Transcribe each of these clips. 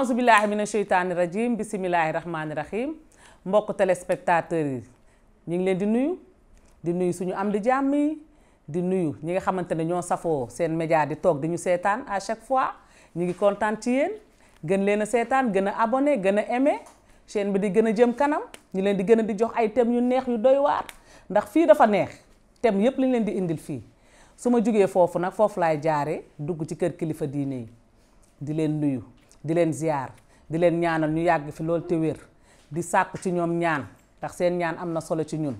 aousubillahi mina sheytaani rajim bisimilahi rahmaani rahim mbokk téléspectateurs yi ñu ngi leen di nuyu di nuyu suñu am di jàmm di nuyu ñi nga xamantene ño safo safoo seen média di tok di ñu seetaan à chaque fois ñi ngi kontaan ci yéen gën leen a seetaan abonné gën a aimé chaîne bi di gën jëm kanam ñi leen di gën di jox ay thème yu neex yu doy waar ndax fi dafa neex thème yépp lañ leen di indil fi suma ma fofu nak fofu lay laay dugg ci kër kilifa diiné di leen nuyu di leen ziar di leen ñaanal ñu yàgg fi loolu te wér di sàkku ci ñoom ñaan ndax seen ñaan am na solo ci ñun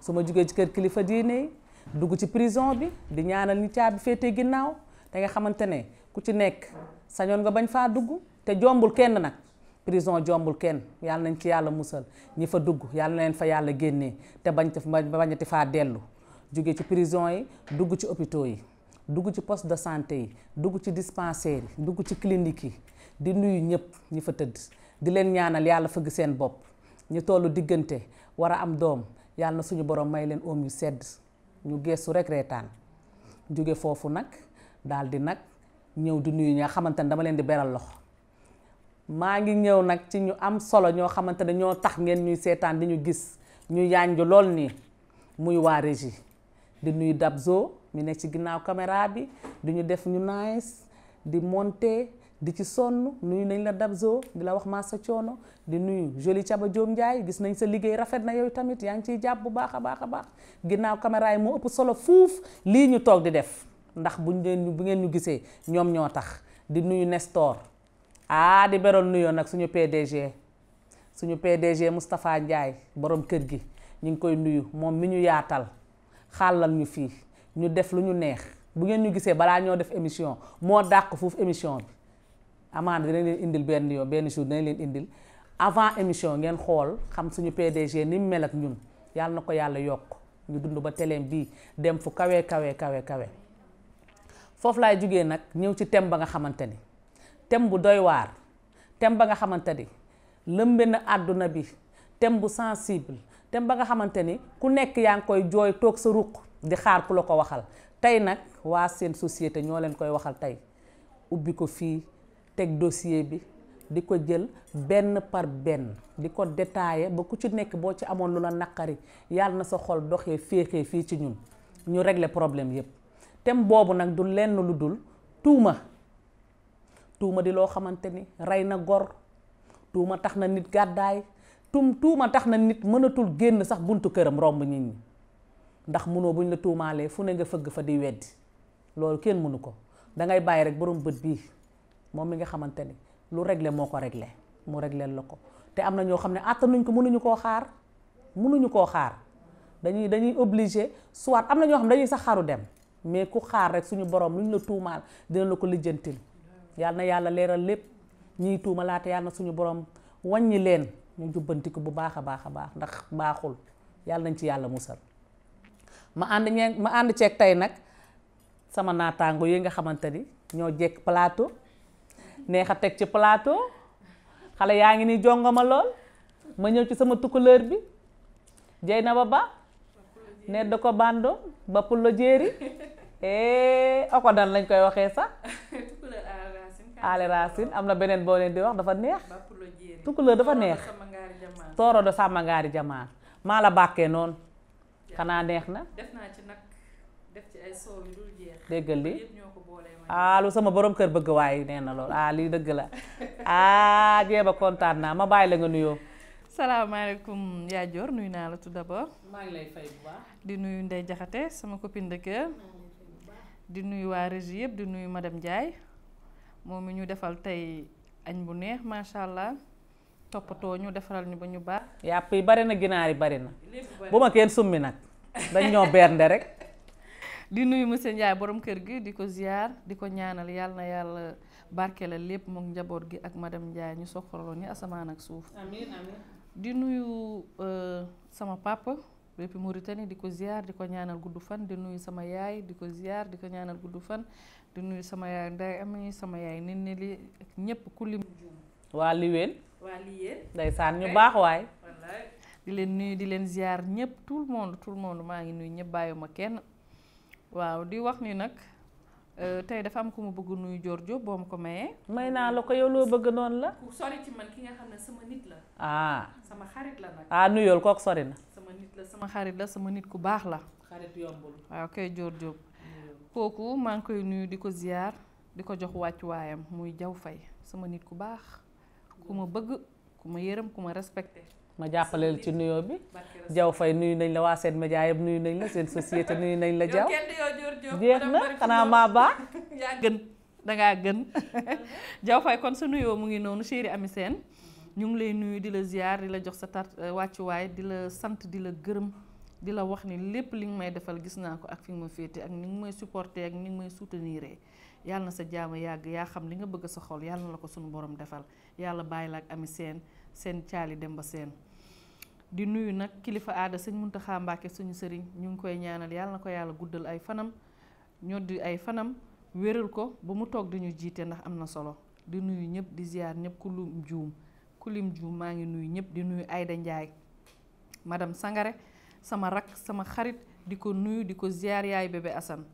su ma jugee ci kër kilifa diine dugg ci prison bi di ñaanal ñi caabi féete ginnaaw da nga xamante ne ku ci nekk sañoon nga bañ faa dugg te jombul kenn nag prison jombul kenn yàlla nañ ci yàlla musal ñi fa dugg yàlla na leen fa yàlla génnee te bañ bañati faa dellu jóge ci prison yi dugg ci hôpitaux yi dugg ci post de santé yi dugg ci dispensaire dugg ci clinique yi di nuyu ñëpp ñi fa tëdd di leen ñaanal yàlla fëgg seen bopp ñu tollu diggante war a am doom yàlla na suñu borom may leen oom yu sedd ñu geestu rek reetaan jóge foofu nag daal nag ñëw di nuyu ñaa xamante ne dama leen di beral loxo maa ngi ñëw nag ci ñu am solo ñoo xamante ne ñoo tax ngeen ñuy seetaan di ñu gis ñu yànju lool nii muy waa régie di nuyu Dabzo mi nekk ci ginnaaw caméra bi di ñu def ñu nice di monter di ci sonn nuyu nañ la Dabzo di la wax maa sa coono di nuyu joli Caba Diom Ndiaye gis nañ sa liggéey rafet na yow tamit yaa ngi ciy jàpp bu baax a baax a baax ginnaaw caméra moo ëpp solo fuuf lii ñu toog di def ndax buñ leen bu ngeen ñu gisee ñoom ñoo tax di nuyu Nestor ah di beral nuyoo nag suñu PDG suñu PDG Moustapha Ndiaye boroom kër gi ñu ngi koy nuyu moom mi ñu yaatal xàllal ñu fii ñu def lu ñu neex bu ngeen ñu gisee balaa ñoo def émission moo dàq foofu émission bi. amaana dinañ leen indil benn yoon benn jour dinañ leen indil avant émission ngeen xool xam suñu PDG ni mu mel ak ñun yàlla na ko yàlla yokk ñu dund ba teleem bii dem fu kawe kawe kawe kawe foofu laay jugee nag ñëw ci thème ba nga xamante ni thème bu doy waar thème ba nga xamante ni lëmbe na àdduna bi thème bu sensible thème ba nga xamante ni ku nekk yaa ngi koy jooy toog sa ruq di xaar ku la ko waxal tey nag waa seen société ñoo leen koy waxal tey ubbi ko fii teg dossier bi di ko jël benn par benn di ko detaaye ba ku ci nekk boo ci amoon lu la naqari yàlla na sa xol doxee féexee fii ci ñun ñu regle problème yépp thème boobu nag du lenn lu dul tuuma tuuma di loo xamante ni rey na gor tuuma tax na nit gàddaay tum tuuma tax na nit mënatul génn sax buntu këram romb nit ñi ndax munoo buñ la tuumaalee fu ne nga fëgg fa di weddi loolu kenn mënu ko dangay bàyyi rek borom bët bii moom mi nga xamante ni lu regle moo ko réglé mu réglé la ko te am na ñoo xam ne àttan nañ ko mënuñu koo xaar mënuñu koo xaar dañuy dañuy obligé soit am na ñoo xam dañuy sax xaru dem mais ku xaar rek suñu borom lu ñu la tuumaal dina la ko lijjantil yàlla na yàlla leeral lépp ñiy tuumalaate yàlla na suñu borom wàññi leen ñu jubbantiku bu baax a baax a baax ndax baaxul yàlla nañ ci yàlla musal ma ànd ñeen ma ànd ceeg tey nag sama naataango yi nga xamante ni ñoo jekk plateau neex a teg ci plateau xale yaa ngi ni jongoma lool ma ñëw ci sama tukkuleer bi jey na ba ba ne da ko bàndoo ba la jéeri eh, oko dan lañ koy waxee sax aale racine am na beneen boo leen di wax dafa neex tukkuleer dafa neex tooro do sàmma ngaari jamaar maa la bàkkee noonu xanaa neex na def naa ci nag def ci ay soow déggal li ah lu sama boroom kër bëgg waaye nee na lool ah lii dëgg la ah jeeba kontaan naa ma bàyyi la nga nuyoo. salaamaaleykum yaa Dior nuyu naa la tout d'abord. maa ngi lay di nuyu Ndeye Diakhaté sama copine de cœur. di nuyu waa régie yëpp di nuyu madame Ndiaye moom mi ñu defal tey añ bu neex macha allah toppatoo ñu defaral ñu ba ñu baax. yàpp yi bari na ginaar yi bari na bu ma kenn summi nag dañ ñoo bernde rek. di nuyu monsieur Ndiaye borom kër gi di ziar di ñaanal yalla na barké la lépp mo njaboot gi ak madame Ndiaye ñu soxaloon ni asaman ak suuf. amin. amin di nuyu euh, sama papa depuis Mauritanie di ko ziar di ko ñaanal gudufan fan di nuyu sama yaay di ko ziar di ko ñaanal gudufan fan di nuyu sama yaay Ndeye Ami sama yaay ini ak nyep kulim. lim. Waliwen. Liwén. sana nyoba ndeysaan ñu di lenu di lenziar ziar ñëpp tout le monde tout le monde maa ngi nuyu waaw di wax ni nag euh, tey dafa am ku ma bëgg nuyu Giorgio boo ma ko mayee. may naa la ko yow loo bëgg noonu la. ku sori ci man ki nga xam ne sama nit la. ah xarit la nag. Ah, nuyool kooku sori na. sama xarit la sama nit ku baax la. xarit yombul. waaw kay Giorgio kooku maa ngi koy nuyu di ko ziyaar di ko jox wàccuwaayam muy jaw fay sama nit ku baax ku ma bëgg ku ma yërëm ku ma respecte ma jàppaleel ci nuyoo bi jaw fay nuyu nañ la waa seen média yëpp nuyu nañ la seen société nuyu nañ la jaw jeex na xanaa maa baax gën dangaa gën jaw fay kon su nuyoo mu ngi noonu chéri ami seen ñu ngi lay nuyu di la ziar di la jox sa tar euh, wàccuwaay di la sant di la gërëm di la wax ni lépp li nga may defal gis naa ko ak fi nga ma féete ak ni nga may supporté ak ni nga may soutenir yàlla na sa jaama yàgg yaa xam li nga bëgg sa xol yàlla na la ko suñu borom defal yàlla bàyyi la ami seen seen caali dem ba seen di nuyu nag kilifa aada sëñ munta Mbàkke suñu sëriñ ñu ngi koy ñaanal yàlla na ko yàlla guddal ay fanam ñoddi ay fanam wéral ko ba mu toog dañu jiite ndax am na solo di nuyu ñëpp di ziar ñëpp ku lim juum ku maa ngi nuyu ñëpp di nuyu Ayda Njaay madam Sangare sama rak sama xarit di ko nuyu di ko ziar yaay bébé Assane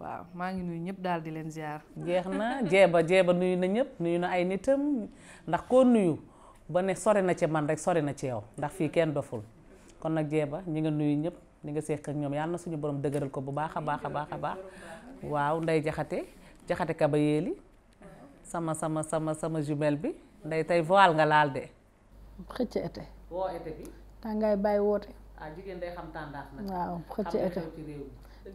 waaw maa ngi nuyu ñëpp daal di leen ziar. jeex na jeeba jeeba nuyu na ñëpp nuyu na ay nitam ndax koo nuyu. ba ne sori na ci man rek sori na ci yow ndax fii kenn doful kon nag jeeba ñi nga nuyu ñëpp ñi nga seex ak ñoom yàlla na suñu borom dëgëral ko bu baax baax baax a baax waaw nday jaxate jaxate kaba yéeli sama sama sama sama jumelle bi nday tey voile nga laal de xëcc été woo été bi tàngaay bàyyi woote ah, waaw xëcc été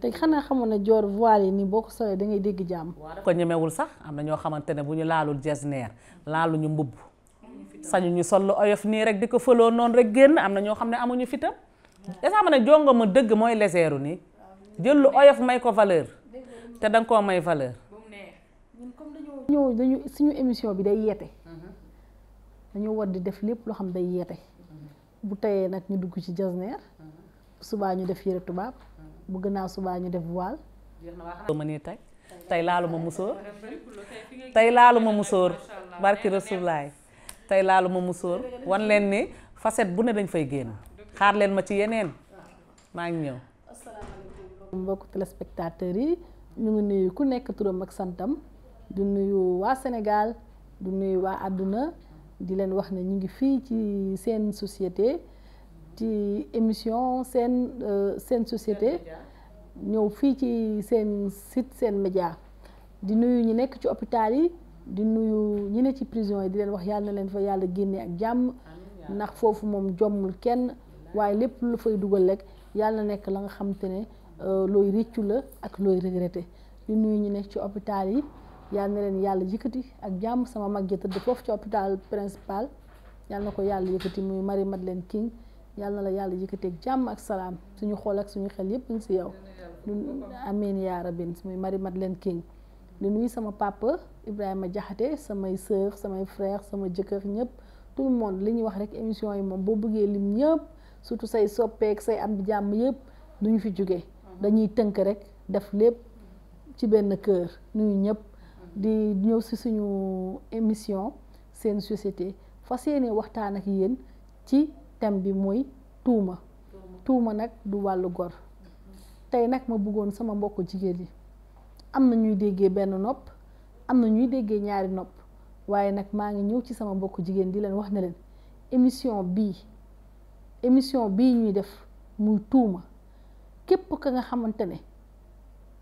te xanaa xamoon ne joor voile yi nii boo ko solee da dégg jàmm ko ñemewul sax am na ñoo xamante ne bu ñu laalul laalu ñu mbubb sañu ñu sol lu oyof nii rek di ko fëloo noonu rek génn am na ñoo xam ne amuñu fitam dasa xam ne jongo ma dëgg mooy léseeru nii jël lu oyof may ko valeur te da koo may valeur ñun dañu suñu émission bi day yeete mhm. dañoo war di def lépp loo xam day yeete mhm. bu teyee nag ñu dugg ci jasneer bu mhm. subaa ñu def yëre tubaab bu gënaaw subaa ñu def voile ma nii tey tey laaluma musóor tey laaluma musóor barki rasulaay tey laalu ma musóor wan leen ni facette bu ne dañ fay génn xaar leen ma ci yeneen maa ngi ñëw. asalaamaaleykum mbokk téléspectateurs yi ñu ngi nuyu ku nekk turam ak santam du nuyu waa Sénégal du nuyu waa àdduna di leen wax ne ñu ngi fii ci seen société ci émission seen euh, seen société ñëw fii ci seen site seen média di nuyu ñu nekk ci hôpital yi. di nuyu ñu ne ci prison yi di leen wax yàlla leen fa yàlla génne ak jàmm ndax foofu moom jommul kenn waaye lépp lu fay dugal rek yàlla nekk la nga xam te ne euh, looy réccu la ak looy regretté di nuyu ñu nekk ci hôpital yi yàlla na leen yàlla yëkkati ak jàmm sama mag ja foofu ci hôpital principal yàlla na ko yàlla yëkkati muy Marie Madeleine King yàlla la yàlla yëkkati ak jàmm ak salaam suñu xool ak suñu xel yëpp ngi si yow amiin yaa rabin muy mat leen King di nuyu sama papa Ibrahima Jaxate samay sœur samay frère sama jëkkër ñëpp tout le monde li ñuy wax rek émission yi moom boo bëggee lim ñëpp surtout say soppeek say am jàmm yëpp duñu fi jóge mhm. dañuy tënk rek def lépp ci benn kër nuyu ñëpp mhm. di ñëw si suñu émission seen société fa yéene waxtaan ak yéen ci thème bi mooy tuuma tuuma nag du wàllu gor mhm. tey nag ma bëggoon sama mbokk jigéen yi am na ñuy déggee benn nopp am na ñuy déggee ñaari nopp waaye nag maa ngi ñëw ci sama mbokku jigéen di leen wax na leen émission bii émission bii ñuy def muy tuuma képp ka nga xamante ne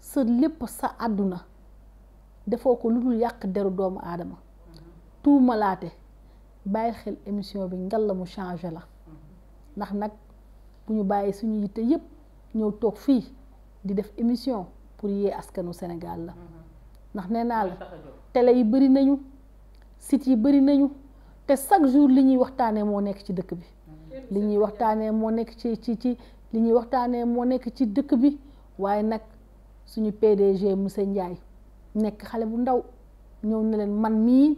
sa lépp sa àdduna defoo ko lu dul yàq deru doomu aadama tuuma laate bàyyi xel émission bi ngal la mu changé la ndax nag bu ñu bàyyi suñu yitte yépp ñëw toog fii di def émission pour yee askanu senegal la ndax nee naa la télé yi bëri nañu site yi bëri nañu te chaque jour li ñuy waxtaanee moo nekk ci dëkk bi li ñuy waxtaanee moo nekk ci ci ci li ñuy waxtaanee moo nekk ci dëkk bi waaye nag suñu PDG monsieur Ndiaye nekk xale bu ndaw ñëw na leen man mii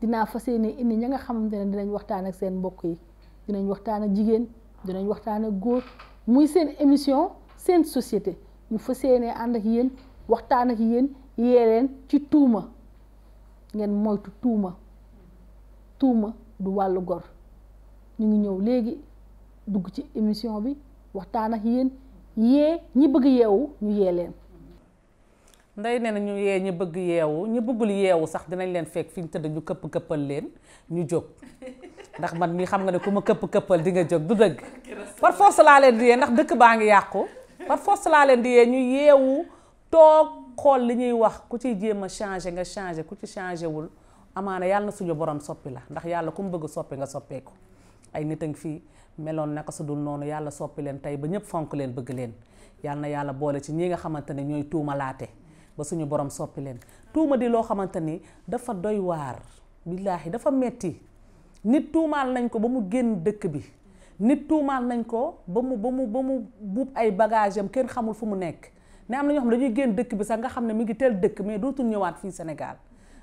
dinaa fas yéene indi ña nga xamante ne dinañ waxtaan ak seen mbokk yi dinañ waxtaan ak jigéen dinañ waxtaan ak góor muy seen émission seen société ñu fas yéene ànd ak yéen waxtaan ak yéen yee leen ci tuuma ngeen moytu tuuma tuuma du wàllu gor ñu ngi ñëw léegi dugg ci émission bi waxtaan ak yéen yee ñi bëgg yeewu ñu yee leen nday nee na ñu yee ñu bëgg yeewu ñu bëggul yeewu sax dinañ leen fekk fi ñu tëdd ñu këpp këppal leen ñu jóg ndax man mi xam nga ne ku ma këpp këppal di nga jóg du dëgg par force laa leen di yee ndax dëkk baa ngi yàqu par force laa leen di yee ñu yeewu toog xool li ñuy wax ku ciy jéem a changé nga changé ku ci changé wul amaana yàlla suñu borom soppi la ndax yàlla ku mu bëgg soppi nga soppeeku ay nit a ngi fii meloon naka su dul noonu yàlla soppi leen tey ba ñëpp fonk leen bëgg leen yàlla na yàlla boole ci ñi nga xamante ne ñooy tuumalaate ba suñu borom soppi leen tuuma di loo xamante ni dafa doy waar billaahi dafa metti nit tuumaal nañ ko ba mu génn dëkk bi nit tuumaal nañ ko ba mu ba mu ba buub ay bagage am kenn xamul fu mu nekk ne am na ñoo xam ne dañuy génn dëkk bi sax nga xam ne mu ngi teel dëkk mais dootul ñëwaat fii senegal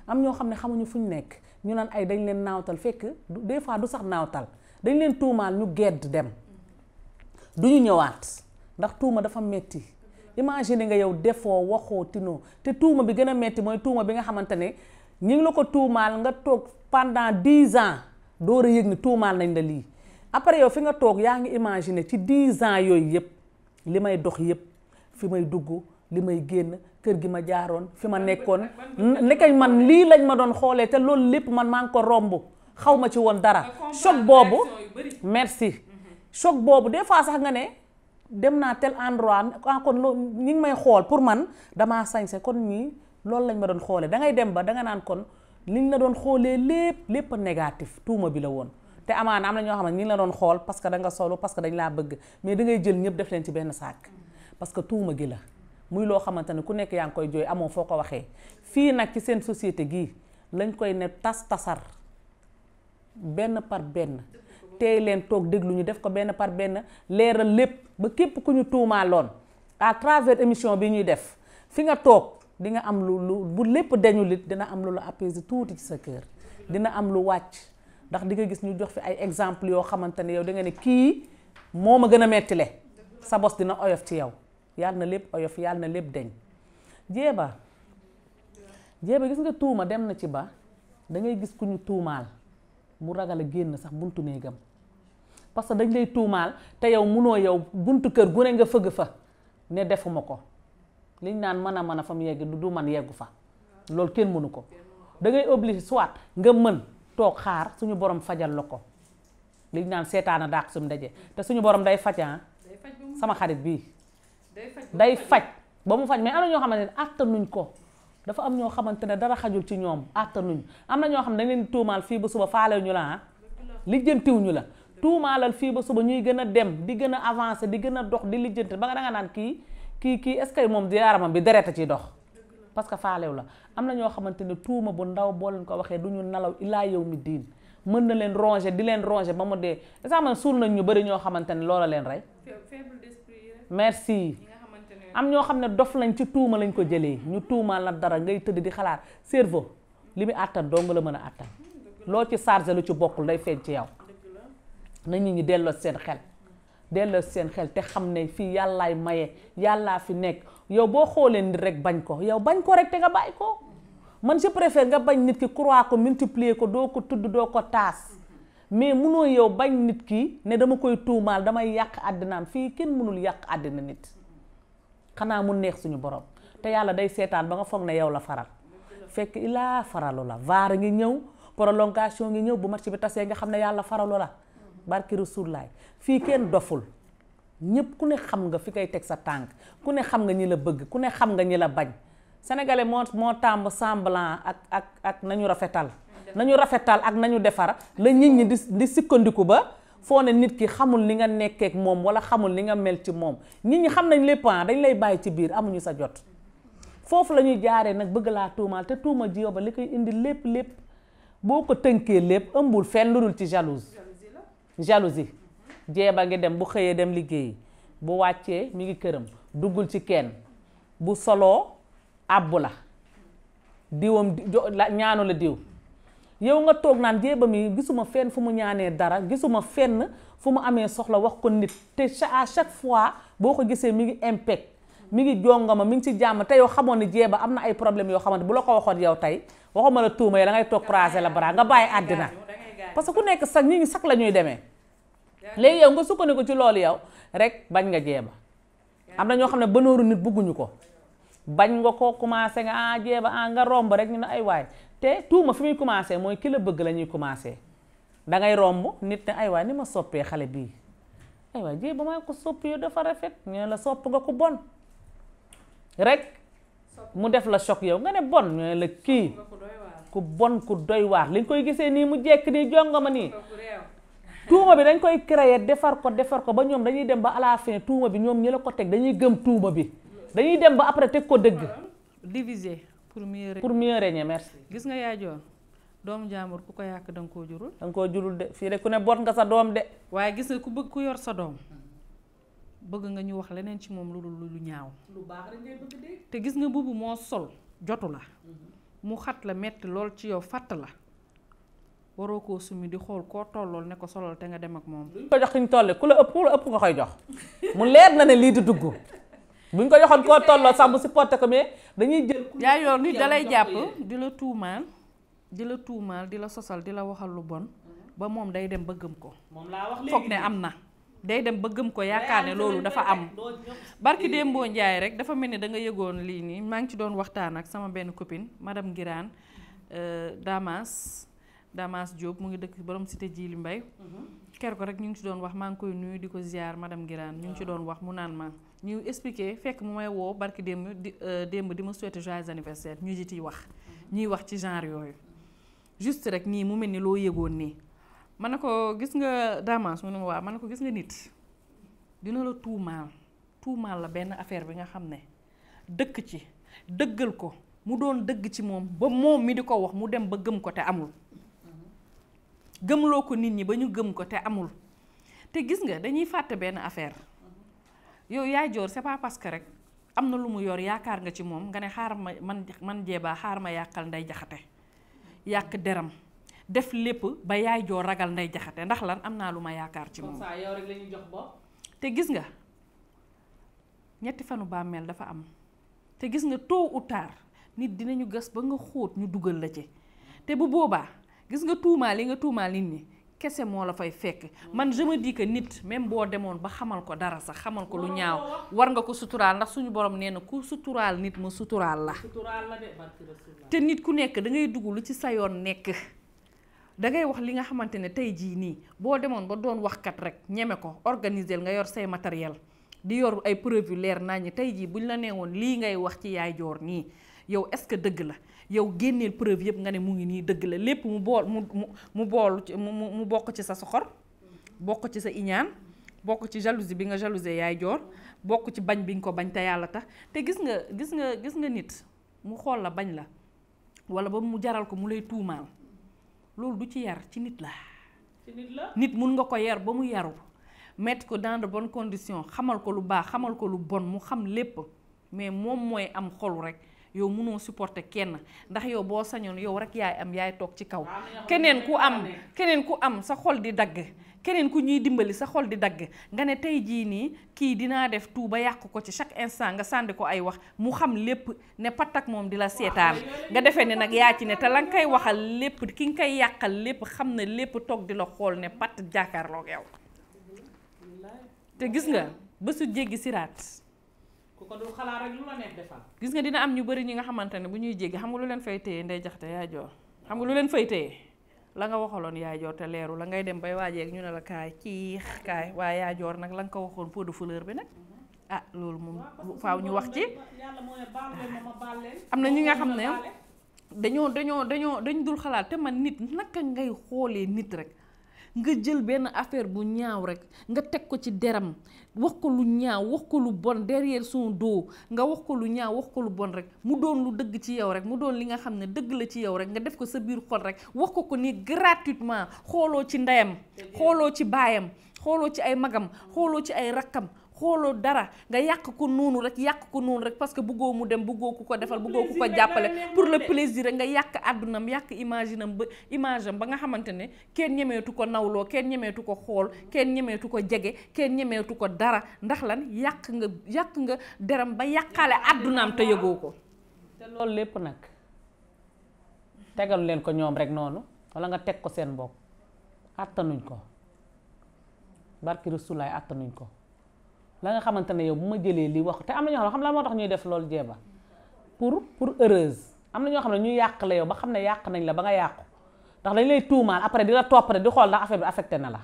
am ñoo xam ne xamuñu fu ñu nekk ñu naan ay dañ leen naawtal fekk des fois du sax naawtal dañ leen tuumaal ñu gedd dem du ñu ñëwaat ndax tuuma dafa metti imagine nga yow defoo waxoo tinoo te tuuma bi gën a metti mooy tuuma bi nga xamante ne ñu ngi la ko tuumaal nga toog pendant dix ans door a yëg ni tuumaal nañ la lii après yow fi nga toog yaa ngi imaginer ci dix ans yooyu yëpp li may dox yëpp fi may dugg li may génn kër gi ma jaaroon fi ma nekkoon hmm? nekkañ man lii lañ ma doon xoolee te loolu lépp man maa ngi ko romb xaw ma ci woon dara choc boobu merci mhm. choc boobu des fois sax nga ne dem naa tel endroit ah kon loolu ñi ngi may xool pour man damaa sañse kon ñii loolu lañ ma doon xoolee da ngay dem ba da nga naan kon liñ la doon xoolee lépp lépp négatif tuuma bi la woon te amaana am na ñoo xam ne ñi la doon xool parce que da nga dañ laa bëgg mais da ngay jël ñëpp def leen ci benn saak mhm. parce que tuuma gi la muy loo xamante ne ku nekk yaa ngi koy jooy amoo foo ko waxee fii nag ci seen société gi lañ koy ne tas tasar benn par benn tey leen toog déglu ñu def ko benn par benn leeral lépp ba képp ku ñu tuumaaloon à travers émission bi ñuy def fi nga toog di nga am lu lu bu lépp dañu lit dina am lu la apaiser tuuti ci sa kër dina am lu wàcc ndax di nga gis ñu jox fi ay exemple yoo xamante ne yow da nga ne kii moo ma gën a mettile sa bos dina oyof ci yow yàlla na lépp oyof yàlla na lépp deñ jéeba jéeba gis nga tuuma dem na ci ba dangay gis ku ñu tuumaal mu ragal a génn sax buntu néegam parce que dañ lay tuumaal te yow munoo yow buntu kër gu ne nga fëgg fa ne defuma ko liñ naan mën a mën a fa mu yegg du man yeggu fa loolu kenn mënu ko da ngay obligé soit nga mën toog xaar suñu borom fajal la ko liñ naan seetaan a dàq suñu ndaje te suñu borom day faj ah, sama xarit bii day faj ba mu faj mais am na ñoo xamante ne attanuñ ko dafa am ñoo xamante ne dara xajul ci ñoom attanuñ am na ñoo xam ne dañ leen tuumaal fii ba suba faale ñu la ah lijjantiw ñu la tuumaalal fii ba suba ñuy gën a dem di gën a di gën a dox di lijjanti ba nga naan kii kii kii est-ce que moom di yaramam bi deret a ciy dox parce que faalew la am na ñoo xamante ne tuuma bu ndaw boo leen ko waxee du ñu nelaw ilaa yow mi diin mën na leen ronger di leen ronger ba mu dee sax man suul nañ ñu bëri ñoo xamante ne loola leen rey merci am ñoo xamne dof lañ ci tuuma lañ ko jëlé ñu tuuma la dara ngay tëdd di xalaat cerveau limi atta do nga la mëna atta lo ci charger lu ci bokkul day feeñ ci yow na nit ñi delo seen xel delo seen xel te xamne fi fii yàllaay maye yalla fi nek yow bo xolé nit rek bañ ko yow bañ ko rek te nga bay ko man je préfère nga bañ nit ki croix ko multiplier ko do ko tudd do ko taas mais mëno yow bañ nit ki ne dama koy tuumal dama yak àddinaam fi kenn mënul yak adna nit xana mu neex suñu borom te yalla day setan ba nga fogg ne yow la faral fekk ila faralu la var nga ñew prolongation nga ñew bu match bi tassé nga xam yalla faralu la barki rasuulaay fi kenn doful ñepp ku ne xam nga fi kay tek sa tank ku ne xam nga ñi la bëgg ku ne xam nga ñi la bañ sénégalais mo mo tamb semblant ak ak ak nañu rafetal nañu rafetal ak nañu defar la nit ñi di sikandiku ba foo ne nit ki xamul li nga nekkeek moom wala xamul li nga mel ci moom nit ñi xam nañ lépp ah, dañ lay bàyyi ci biir amuñu sa jot foofu lañuy ñuy jaaree nag bëgg laa tuumaal te tuuma ji ba li koy indi lépp lépp boo ko tënkee lépp ëmbul fenn lu dul ci jalouse jalousie jeeba ngi dem bu xëyee dem liggéeyi bu wàccee mi ngi këram duggul ci kenn bu soloo àbbu la diwam ñaanu la diw yow nga toog naan jéeba mi gisuma fenn fu mu ñaanee dara gisuma fenn fu mu amee soxla wax ko nit te à chaque fois boo ko gisee mi ngi impact mi ngi jongama mi ngi ci jàmm te yow xamoon ne jéeba am na ay problème yoo xamante bu la ko waxoon yow tey waxuma la tuuma yi la ngay toog croiser la bras nga bàyyi àddina parce que ku nekk sax ñi ngi sax la ñuy demee léegi yow nga ci loolu yow rek bañ nga jéeba am na ñoo xam ne banóoru nit bugguñu ko bañ nga koo commencé nga ah jéeba ah nga romb rek ñu ne ay waay te tuuma fi muy commencé mooy ki la bëgg la ñuy commencé da ngay romb nit ne ay waa ni ma soppee xale bii ay waa jéeg ba maa ko sopp yow dafa rafet ñu ne la sopp nga ko bon rek mu def la choc yow nga ne bon ñu la kii ku bon ku doy waar li nga koy gisee nii mu jekk nii jongo ma nii tuuma bi dañ koy créer defar ko defar ko ba ñoom dañuy dem ba à tuuma bi ñoom ñi la ko teg dañuy gëm tuuma bi dañuy dem ba après teg ko dëgg pour mieux régner pour mieux régner merci gis nga dom joor doom jaamur ku ko yàq da nga koo jurul da nga koo jurul de fii rek ku ne bot nga sa dom de waaye gis nga ku bëgg ku yor sa nga ñu wax leneen ci lu lu ñaaw lu baax rek ngay de te gis nga bubu moo sol jotu la mu xat la metti lool ci yow fàtt la waroo koo sumi di xool koo tollool ne ko solol te nga dem ak moom ko jox ñu tolle ku la ëpp ëpp nga jox mu leer na ne dugg buñ ko joxoon ko tollo sax ci porte ko mais dañuy jël. ya yoon nit dalay japp dila tuumal dila tuumal dila di sosal di waxal lu bon ba mom day dem ba ko. mom la wax legui ne amna day dem ba ko yaakaar lolu dafa am barki Dembo Ndiaye rek dafa melni da nga yëgoon li ni ma ngi ci doon waxtaan ak sama benn copine madame euh Damas Damas job mu ngi dëkk borom cité djili mbay mhm. kër ko rek ñu ngi ci doon wax ma ngi koy nuyu di ziar madame girane ñu ngi ci doon wax mu naan ma ñu expliqué fekk mu may woo barki démb di euh, démb di ma souhaité joyeux anniversaire ñu ji ciy wax. Mm-hmm. ñuy wax ci genre yooyu. juste rek nii mu mel ni loo yëgoon nii. man ne ko gis nga damas mu ne ma waaw ma ne ko gis nga nit. dina la tuumaal tuumaal la benn affaire bi nga xam ne dëkk ci dëggal ko mu doon dëgg ci moom ba moom mi di ko wax mu dem ba gëm ko te amul. Mm-hmm. gëmloo ko nit ñi ba ñu gëm ko te amul. te gis nga dañuy fàtte benn affaire. yow yaay joor c'est pas parce que rek am na lu mu yor yaakaar nga ci moom nga ne xaar ma man man jeebaa xaar ma yàqal nday jaxate yàq deram def lépp ba yaay joor ragal nday jaxate ndax lan am naa lu ma yaakaar ci moom yow rek jox bopp te gis nga ñetti fanu bàmmeel dafa am te gis nga tôt ou tard nit dinañu gas ba nga xóot ñu dugal la ci te bu boobaa gis nga tuumaa li nga tuumaal nit ñi kese mo la fay fekk man je me dis que nit même bo demoon ba xamal ko dara sax xamal ko lu ñaaw war nga ko sutural ndax suñu borom neena ku sutural nit mo sutural la de te nit ku nekk da ngay dugg lu ci sayon nekk da ngay wax li nga xamantene tay ji ni bo boo ba doon kat rek ñeme ko organiser nga yor say matériel di yor ay preuve lèr nañ tay ji buñ la néwon li ngay wax ci yaay jor ni yow est ce que deug la yow génneel preuve yëpp nga ne mu ngi nii dëgg la lépp mu bool mu mu mu bool mu mu bokk ci sa soxor bokk ci sa iñaan bokk ci jalousie bi nga jalousé yaay joor bokk ci bañ bi nga ko bañ te yàlla tax te gis nga gis nga gis nga nit mu xool la bañ la wala ba mu jaral ko mu lay tuumaal loolu du ci yar ci nit la nit la nit mun nga ko yar ba mu yaru mettre ko dans bon condition xamal ko lu baax xamal ko lu bon mu xam lépp mais moom mooy am xolu rek yow mënoo supporter kenn ndax yow boo sañoon yow rek yaay am yaay toog ci kaw keneen ku am keneen ku am sa xol di dagg keneen ku ñuy dimbali sa xol di dagg nga ne tey jii nii kii dinaa def tout ba yàq ko ci chaque instant nga sànni ko ay wax mu xam lépp ne ak moom di la seetaan nga defee ne nag yaa ci ne te la nga koy waxal lépp ki nga koy yàqal lépp xam na lépp toog di la xool ne pat jàkkaarloog yow te gis nga bésu jéggi siraat ko dul xalaat rek lu la gis nga dina am ñu bari ñi nga xamante ne bu ñuy jéggi xam nga lu leen fay téye ndey jaxte yaa joor xam nga lu leen fay téye la nga waxaloon yaa te leeru la ngay dem bay waajeeg ñu ne la kaay ciix kaay waaye yaa nag la nga ko waxoon pot de fleur bi nag. ah loolu moom faaw ñu wax ci am na ñi nga xam ne dañoo dañoo dañoo dañ dul xalaat te man nit naka ngay xoolee nit rek nga jël benn affaire bu ñaaw rek nga teg ko ci deram wax ko lu ñaaw wax ko lu bon derrière son dos nga wax ko lu ñaaw wax ko lu bon rek mu doon lu dëgg ci yow rek mu doon li nga xam ne dëgg la ci yow rek nga def ko sa biir xol rek wax ko ko ni gratuitement xooloo ci ndeyam xooloo ci baayam xooloo ci ay magam xooloo ci ay rakkam xolo dara nga yak ko nunu rek yak ko nunu rek parce que bugo mu dem bugo ku ko defal bugo ku ko jappale pour le plaisir nga yak adunam yak imaginam ba image ba nga xamantene ken kenn ñemeetu ko nawlo ken ñemeetu ko xol ken ñemeetu ko jégué ken ñemeetu ko dara ndax lan yak nga yak nga deram ba yakale adunam te yego ko te lol lepp nak tegalu leen ko ñom rek nonu wala nga tek ko sen bok ko barki rasulaay àttanuñ ko la nga xamante ne yow bu ma jëlee li wax te am na ñoo xam ne xam la moo tax ñuy def loolu jeeba pour pour heureuse am na ñoo xam ne ñu yàq la yow ba xam ne yàq nañ la ba nga yàqu ndax dañ lay tuumaal après di la toppate di xool ndax affaire bi affecté na la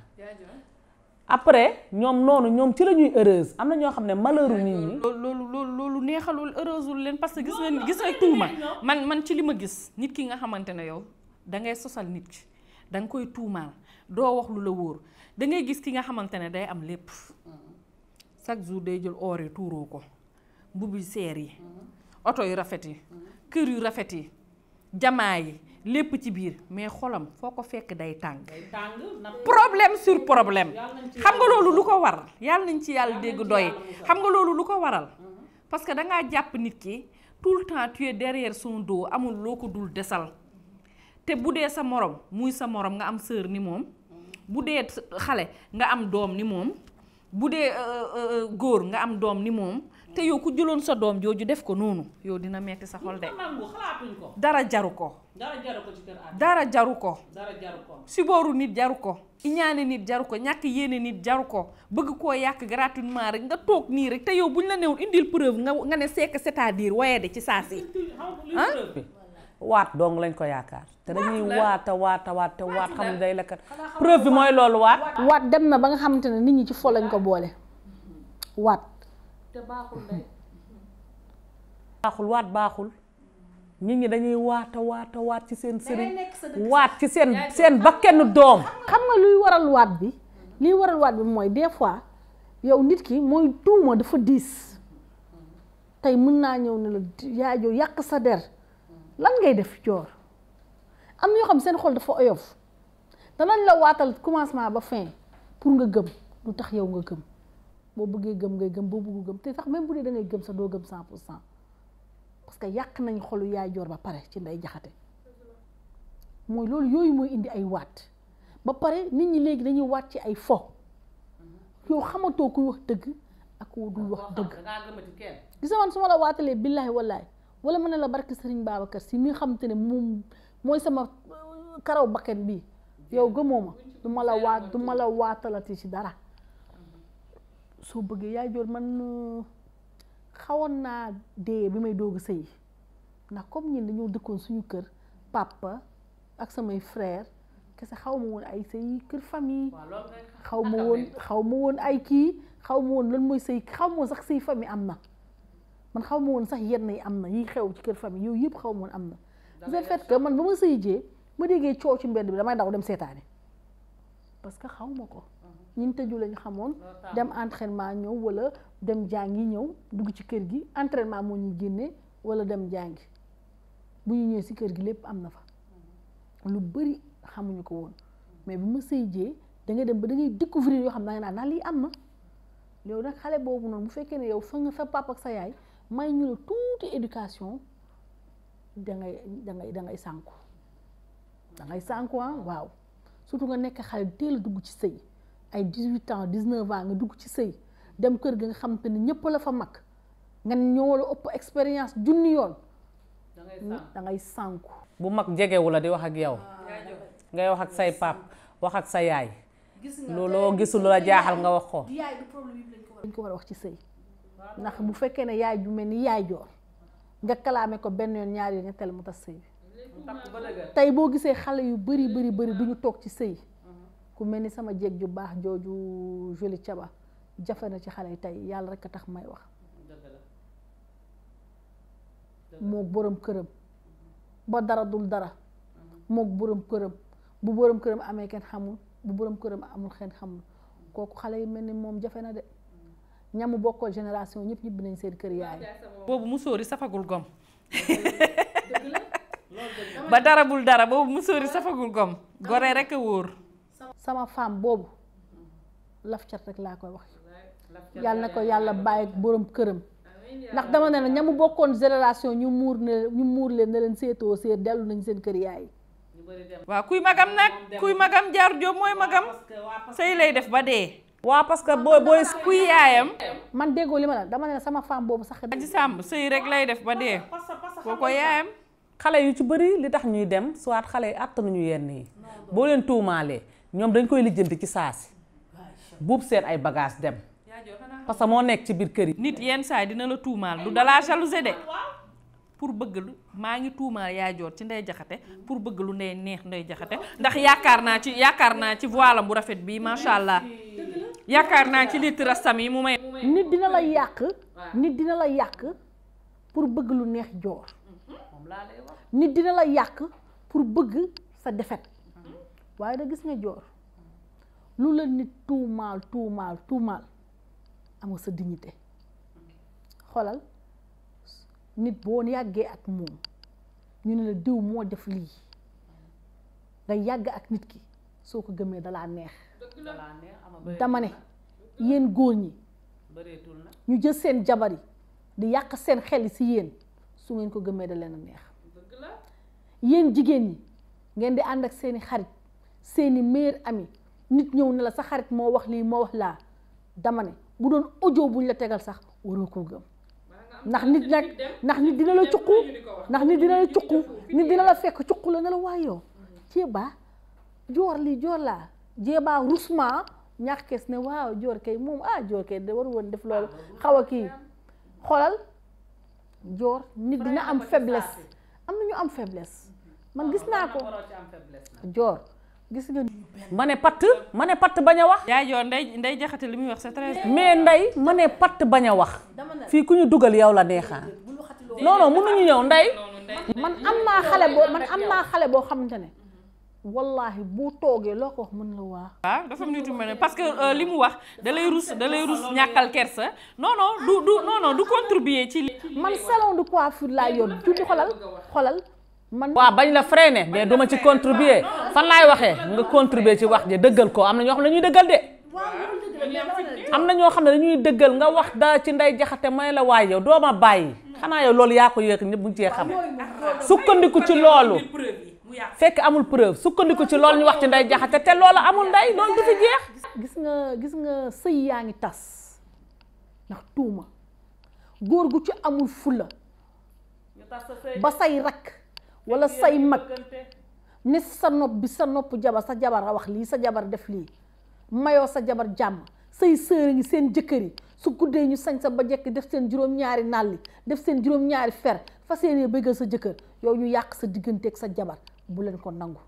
après ñoom noonu ñoom ci la ñuy heureuse am na ñoo xam ne malheuru nit ñi loolu loolu loolu neexalul heureuseul leen parce que gis nga gis tuuma man man ci li ma gis nit ki nga xamante ne yow da ngay sosal nit ki da nga koy tuumaal doo wax lu la wóor da ngay gis ki nga xamante ne day am lépp chaque jour day jël or ko mbubi yi oto yu rafet yi kër yu rafet yi jamaa yi lépp ci biir mais xolam foo ko fekk day tàng problème sur problème xam nga loolu lu ko waral yàlla nañ ci yàlla dégg doy xam nga loolu lu ko waral parce que dangaa jàpp nit ki tout le temps tu es derrière doo amul loo ko dul desal te bu dee sa morom muy sa morom nga am sœur ni moom mhm. bu dee xale nga am doom ni moom bu dee euh, euh, euh, góor nga am doom ni moom te yow ku jëloon sa doom jooju def ko noonu yow dina metti sa xol de dara jaru ko dara jaru ko si nit jaru ko iñaane nit jaru ko ñàkk yéene nit jaru ko bëgg koo yàq gratuitement rek nga toog nii rek te yow bu ñu la neewoon indil preuve nga nga ne sekk cest à de ci saa si waat dong lañ ko yaakaar te dañuy waata waata waat te waat xam ne day lekkat preuve bi mooy loolu waat waat dem na ba nga xamante ne nit ñi ci fo lañ ko boole waat baaxul waat baaxul ñi dañuy waata waata waat ci seen sëriñ waat ci seen seen ba kenn doom xam nga luy waral waat bi liy waral waat bi mooy des yow nit ki mooy tuuma dafa diis tey mën naa ñëw ne la yàq sa der lan ngay def joor am na yoo xam seen xol dafa oyof danañ la waatal commencement ba fin pour nga gëm lu tax yow nga gëm boo bëggee gëm ngay gëm boo bëggu gëm te sax même bu dee da gëm sax doo gëm cent pour parce que yàq nañ xolu yaay joor ba pare ci nday jaxate mooy loolu yooyu mooy indi ay waat ba pare nit ñi léegi dañuy waat ci ay fo yow xamatoo kuy wax dëgg ak dul wax dëgg gis nga man su ma la waatalee billaahi wallaahi wala mën na la barke Sëriñ Babacar si mi nga xamante ne moom mooy sama euh, karaw bakkan bi yow gëmoo ma du ma la waat du ma la waatalati ci dara soo bëggee yaay joor man euh, xawoon naa dee bi may doog a sëy ndax comme ñun dañoo dëkkoon suñu kër papa ak samay frère kese xaw ma woon ay sëy kër famille xaw ma woon xaw ma woon ay kii xaw ma woon lan mooy sëy xaw ma woon sax sëy famille am na man xaw ma woon sax yenn yi am na yiy xew ci kër famille yooyu yëpp xaw ma am na. le fait que man ba ma sëy jee ma déggee coow ci mbedd bi damay daw dem seetaane parce que xaw ko. Mhm. ñun tëju lañu xamoon. dem ñëw wala dem jàngi ñëw dugg ci kër gi entraînement moo ñu génne wala dem jàngi bu ñu ñëwee si kër gi lépp am na fa. Mhm. lu bëri xamuñu ko woon mais bu ma sëy jee da dem ba da ngay découvrir yoo xam ne da nga naan lii am na yow nag xale boobu noonu bu fekkee ne yow fa nga sa papa ak sa yaay. may ñu la tuuti éducation da ngay da ngay da ngay sànku da ngay ah, waaw surtout nga nekk xale teel a dugg ci sëy ay dix-huit ans dix-neuf nga dugg ci sëy dem kër gi nga xam te ne ñëpp la fa mag nga ne ñoo la ëpp expérience junni yoon dangay ngay bu mag jegewu la di wax ak yow ah, ngay wax ak say pap wax ak sa yaay looloo gisul la jaaxal nga wax ko dañ ko war a wax ci sëy ndax bu fekkee ne yaay ju mel ni yaay joor nga kalaame ko benn yoon ñaar yoon ñetteel mu tas sëy tey boo gisee xale yu bëri bëri bëri duñu toog ci sëy ku mel ni sama jeeg ju baax jooju joli caba jafe na ci xale yi tey yàlla rek a tax may wax mook borom këram ba dara dul dara mook borom këram bu borom këram amee kenn xamul bu borom këram amul kenn xamul kooku xale yi mel ni moom jafe na de ñamu bokkoon génération ñëpp ñibbi nañ seen kër yaay. boobu musóori safagul gom. ba dara bul dara boobu musóori safagul gom. gore rek a wóor. sama femme boobu laf cat rek laa koy wax yàlla na ko yàlla bàyyi borom këram. ndax dama ne la ñamu bokkoon génération ñu muur ne ñu muur leen ne leen seetoo seet dellu nañ seen kër yaay. waaw kuy magam nag kuy magam jaar Jóob mooy magam sëy lay def ba dee. wa parce que boy boy kuy yaayam. man déggoo li dama ne sama femme bobu sax. di sam sey rek lay def ba de boko yayam xalé yu ci bëri li tax ñuy dem soit xalé yi nañu yenn yi boo leen tuumaalee ñoom dañ koy lijjanti ci saasi buub seen ay bagage dem parce que moo nekk ci bir kër nit yenn say dina la tuumaal du dalaa jalouse de pour bëgg lu ma ngi tuumaal ya jor ci ndey jaxate pour bëgg lu ndey neex ndey jaxate ndax yakarna ci yakarna ci voilam bu rafet yaakaar naa ci litre rastam yi mu may. nit dina la yàq. nit dina la yàq pour bëgg lu neex joor. Mhm. nit dina la yàq pour bëgg sa defet mhm. waaye da gis nga joor lu la nit tuumaal tuumaal tuumaal amoo sa dignité xoolal nit boo yàggee ak moom ñu ne la diw moo def lii mhm. nga yàgg ak nit ki soo ko gëmee dalaa neex. dama ne yeen góor ñi ñu jël seen jabar di Yak seen xel ci yeen su ngeen ko gëmé da leen neex yeen jigen ñi ngeen di and ak seeni xarit seeni meer ami nit ñew na la sa xarit mo wax li mo wax la dama ne bu doon audio buñ la tégal sax waro ko gëm nit nak ndax nit dina la cuqu ndax nit dina la cuqu nit dina la fekk cuqu la na la ci ba jor li jor la jeba rusma kess ne waaw Jor kay mom ah Jor kay de war won def loolu xawa ki xolal jor nit dina am faiblesse am na am faiblesse man gis na ko jor gis nga mané pat mané pat baña wax yaay jor ndey ndey jaxati limi wax c'est très mais ndey ma pat baña wax fi kuñu duggal yaw la neexaan non non ñu ñew ndey man am ma xalé bo man am ma xalé bo xamantene wallahi bu toogee loo ko wax mën na waa waaw ah, dafa nitu mel ne parce que euh, li mu wax dalay lay rus da lay rus ñàkkal kersa non du du non du contribuer ci man salon de coiffure laa yor tuuti xolal xolal man waaw bañ la freiné mais duma ci contribuer fan laay waxee nga contribuer ci wax ji dëggal ko am na ñoo xam ne ñuy dëggal de am na ñoo xam ne dañuy dëggal nga wax da ci nday jaxate may la waay yow doo bàyyi xanaa yow loolu yaa ko yëg ñëpp mu cee xam ah, sukkandiku ci loolu fekk amul preuve sukkandiku ci loolu ñu wax ci nday jaxate te loolu amul nday lool du fi jeex gis nga gis nga sëy yaa ngi tas ndax tuuma góor gu ci amul fulla ba say rakk wala say mag ne sa nopp bi sa nopp jabar sa jabar a wax lii sa jabar def lii mayoo sa jabar jàmm sëy sœur seen jëkkër yi su guddee ñu sañ sa ba jekk def seen juróom-ñaari nalli def seen juróom-ñaari fer fas yéene bëggal sa jëkkër yow ñu yàq sa digganteeg sa jabar bu leen ko nangu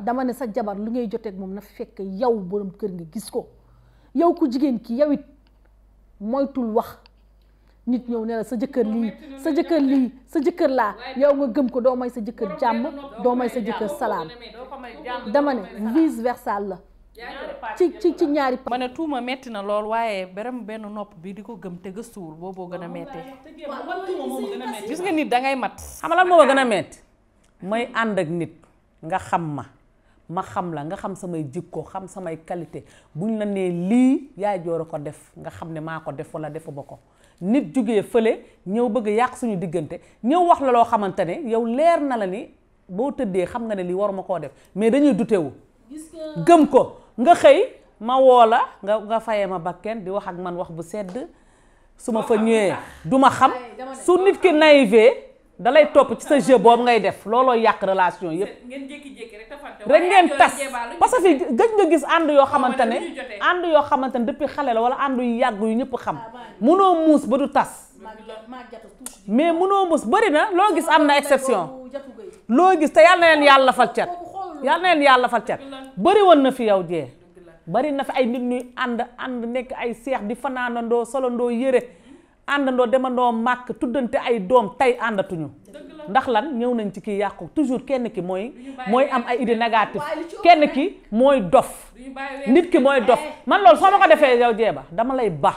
dama ne sa jabar lu ngay joteeg moom na fekk yow borom kër nga gis ko yow ku jigéen ki yow it moytul wax nit ñëw ne sa jëkkër lii sa jëkkër lii sa jëkkër laa yow nga gëm ko doo may sa jëkkër jàmm doo may sa jëkkër salaam dama ne vice versa la ci ci ci ñaari pa ma ne tuuma metti na lool waaye berem benn nopp bi di ko gëm te gëstuwul booboo gën a metti gis nga nit dangay mat xam lan moo gën a metti may ànd ak nit nga xam ma ma xam la nga xam samay jikko xam samay qualité buñ la nee lii yaay joor a ko def nga xam ne maa ko def wala defuma ko nit jugee fële ñëw bëgg yàq suñu diggante ñëw wax la loo xamante ne yow leer na la ni boo tëddee xam nga ne lii waruma koo def mais dañuy dutewu gëm ko nga xëy ma woo la nga nga fayee ma kenn di wax ak man wax bu sedd su ma fa ñëwee du ma xam su nit ki naïve dalay topp ci sa jeu boobu ngay def looloo yàq relation yëpp rek ngeen tas parce que gëj nga gis ànd yoo xamante ne ànd yoo xamante ne depuis xale la wala ànd yu yàgg yu ñëpp xam ah, munoo muus ba du tas mais munoo muus bëri na loo gis am na exception loo gis te yàlla na leen yàlla fal cat yàlla na leen yàlla fal cat bëri woon na fi yow jee bari na fi ay nit ñuy ànd ànd nekk ay seex di fanaanandoo solo ndoo yére àndandoo demandoo màkk tuddante ay doom tey àndatuñu ndax lan ñëw nañ ci kii yàqu toujours kenn ki mooy mooy am ay idée négative kenn ki mooy dof nit ki mooy dof eh. man loolu soo ma ko defee yow jeeba dama lay ba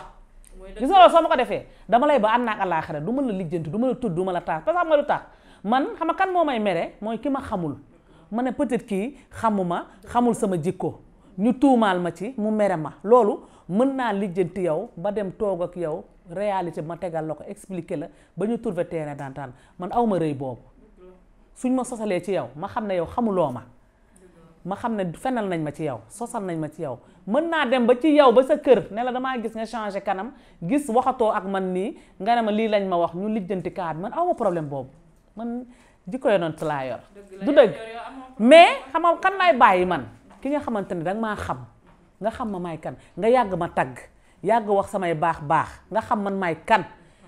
gis nga loolu soo ma ko defee dama lay ba ànd naak du mën la lijjanti du ma la tudd du ma la taas parce que xam nga lu tax man xam nga kan moo may mere mooy ki ma xamul ma ne peut-être kii xamuma xamul sama jikko ñu tuumaal ma ci mu mere ma loolu mën naa lijjanti yow ba dem toog ak yow réalité ma tegal la ko expliqué la ba ñu trouvé terrain d'entente man aw ma rëy boobu suñ ma sosalee ci yow ma xam ne yow xamuloo ma ma xam ne fenal nañ ma ci yow sosal nañ ma ci yow mën naa dem ba ci yow ba sa kër ne la damaa gis nga changé kanam gis waxatoo ak man nii nga ne ma lii lañ ma wax ñu lijjanti kaat man aw ma problème boobu man jikko yonent laa yor du dëgg mais xam kan laay bàyyi man ki nga xamante ne danga maa xam nga xam ma may kan nga yàgg ma tagg yàgg wax samay baax baax nga xam man may kan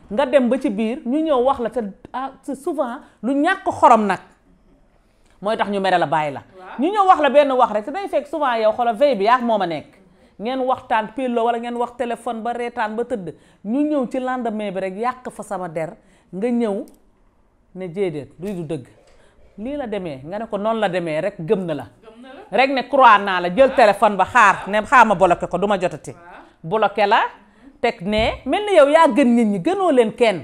nga dem ba ci biir ñu ñëw wax la te ah souvent lu ñàkk xorom nag mooy tax ñu mere la bàyyi la ñu ñëw wax la benn wax rek te day fekk souvent yow xolo veille bi yaa moo ma nekk ngeen waxtaan pillo wala ngeen wax téléphone ba reetaan ba tëdd ñu ñëw ci lendemain bi rek yàq fa sama der nga ñëw ne jéedéet du du dëgg lii la demee nga ne ko noonu la demee rek gëm na la rek ne croire naa la jël téléphone ba xaar ne xaama bloqué ko du ma jotati bloqué la teg ne mel ni yow yaa gën nit ñi gënoo leen kenn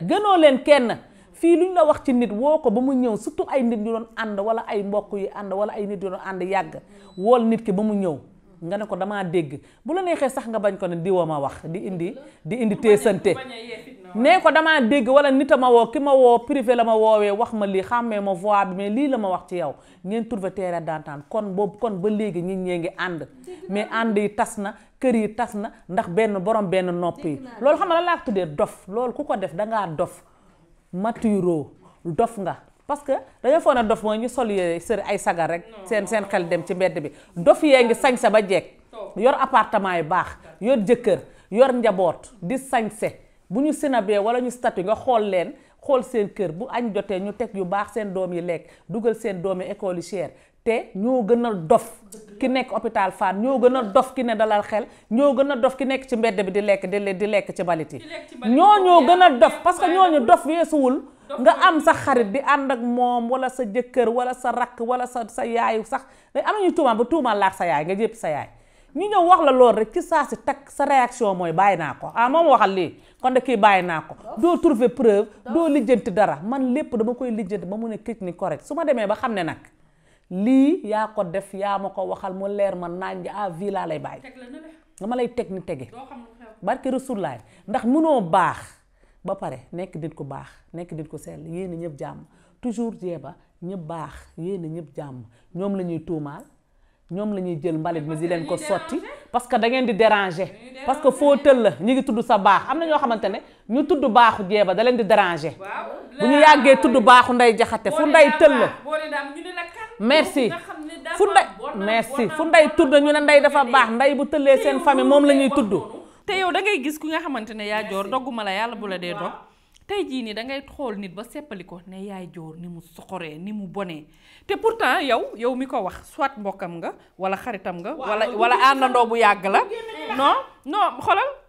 gënoo leen kenn fii lu ñu la wax ci nit woo ko ba mu ñëw surtout ay nit ñu doon ànd wala ay mbokk yu ànd wala ay nit yu doon ànd yàgg wool nit ki ba mu ñëw nga ne ko damaa dégg bu la neexee sax nga bañ ko ne diwa ma wax di indi di indi teesante nee ko damaa dégg wala nit a ma woo ki ma woo privé la ma woowee wax ma lii xàmmee ma voix mais lii la ma wax ci yow ngeen trouvé daantaan kon boobu kon ba léegi ñi ñee ngi ànd mais ànd yi tas na kër yi tas na ndax benn borom benn nopp yi loolu xam nga la laa tuddee dof loolu ku ko def dangaa dof maturoo dof nga parce que dañoo foog ne dof mooy ñu sol yére sër ay sagar rek seen seen xel dem ci mbedd bi dof yee ngi sañse ba jekk yor appartement yu baax yor jëkkër yor njaboot di sañse bu ñu sinabee wala ñu statut nga xool leen xool seen kër bu añ jotee ñu teg yu baax seen doom yi lekk dugal seen doomi yi école yi cher te ñoo gën a dof ki nekk hôpital Fann ñoo gën a dof ki ne dalal xel ñoo gën a dof ki nekk ci mbedd bi di lekk di di lekk ci mbalit yi ñoo ñoo gën a dof parce ñoo ñu dof weesuwul nga am sa xarit di ànd ak moom wala sa jëkkër wala sa rakk wala sa sa yaayu sax day am nañu tuuma ba tuuma laax sa yaay nga jéppi sa yaay ñu ñëw wax la loolu rek ci saa si takk sa réaction mooy bàyyi naa ko ah moom waxal lii kon de kii bàyyi naa ko doo trouver preuve doo lijjanti dara man lépp dama koy lijjanti ba mu ne këj ni correct su ma demee ba xam ne nag lii yaa ko def yaa ma ko waxal mu leer ma naaj ah vie laa lay bàyyi. dama lay teg ni tege. barke Rasulaay ndax mënoo baax ba pare nekk nit ku baax nekk nit ku sell yéen a ñëpp jàmm toujours jeeba ñëpp baax yéen a ñëpp jàmm ñoom la ñuy tuumaal. ñoom la ñuy jël mbalit mi di leen ko sotti parce que da ngeen di déranger parce que foo tël la ñu ngi tudd sa baax am na ñoo xamante ne ñu tudd baaxu jeeba da leen di déranger bu ñu yàggee tudd baaxu nday jaxate fu nday tël la merci fu nday merci fu nday tudd ñu ne nday dafa baax nday bu tëllee seen famille moom la ñuy tudd te yow da ngay gis ku nga xamante ne yaa joor dogguma la yàlla bu la dee dog tey jii nii dangay xool nit ba seppali ko ne yaay joor ni mu soxoree ni mu bonee te pourtant yow yow mi ko wax soit mbokkam nga wala xaritam nga. wala wala àndandoo bu yàgg la. non non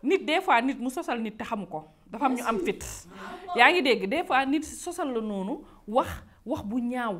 nit des fois nit mu sosal nit te xamu ko dafa am ñu am fit. yaa ngi dégg des fois nit sosal la noonu wax wax bu ñaaw.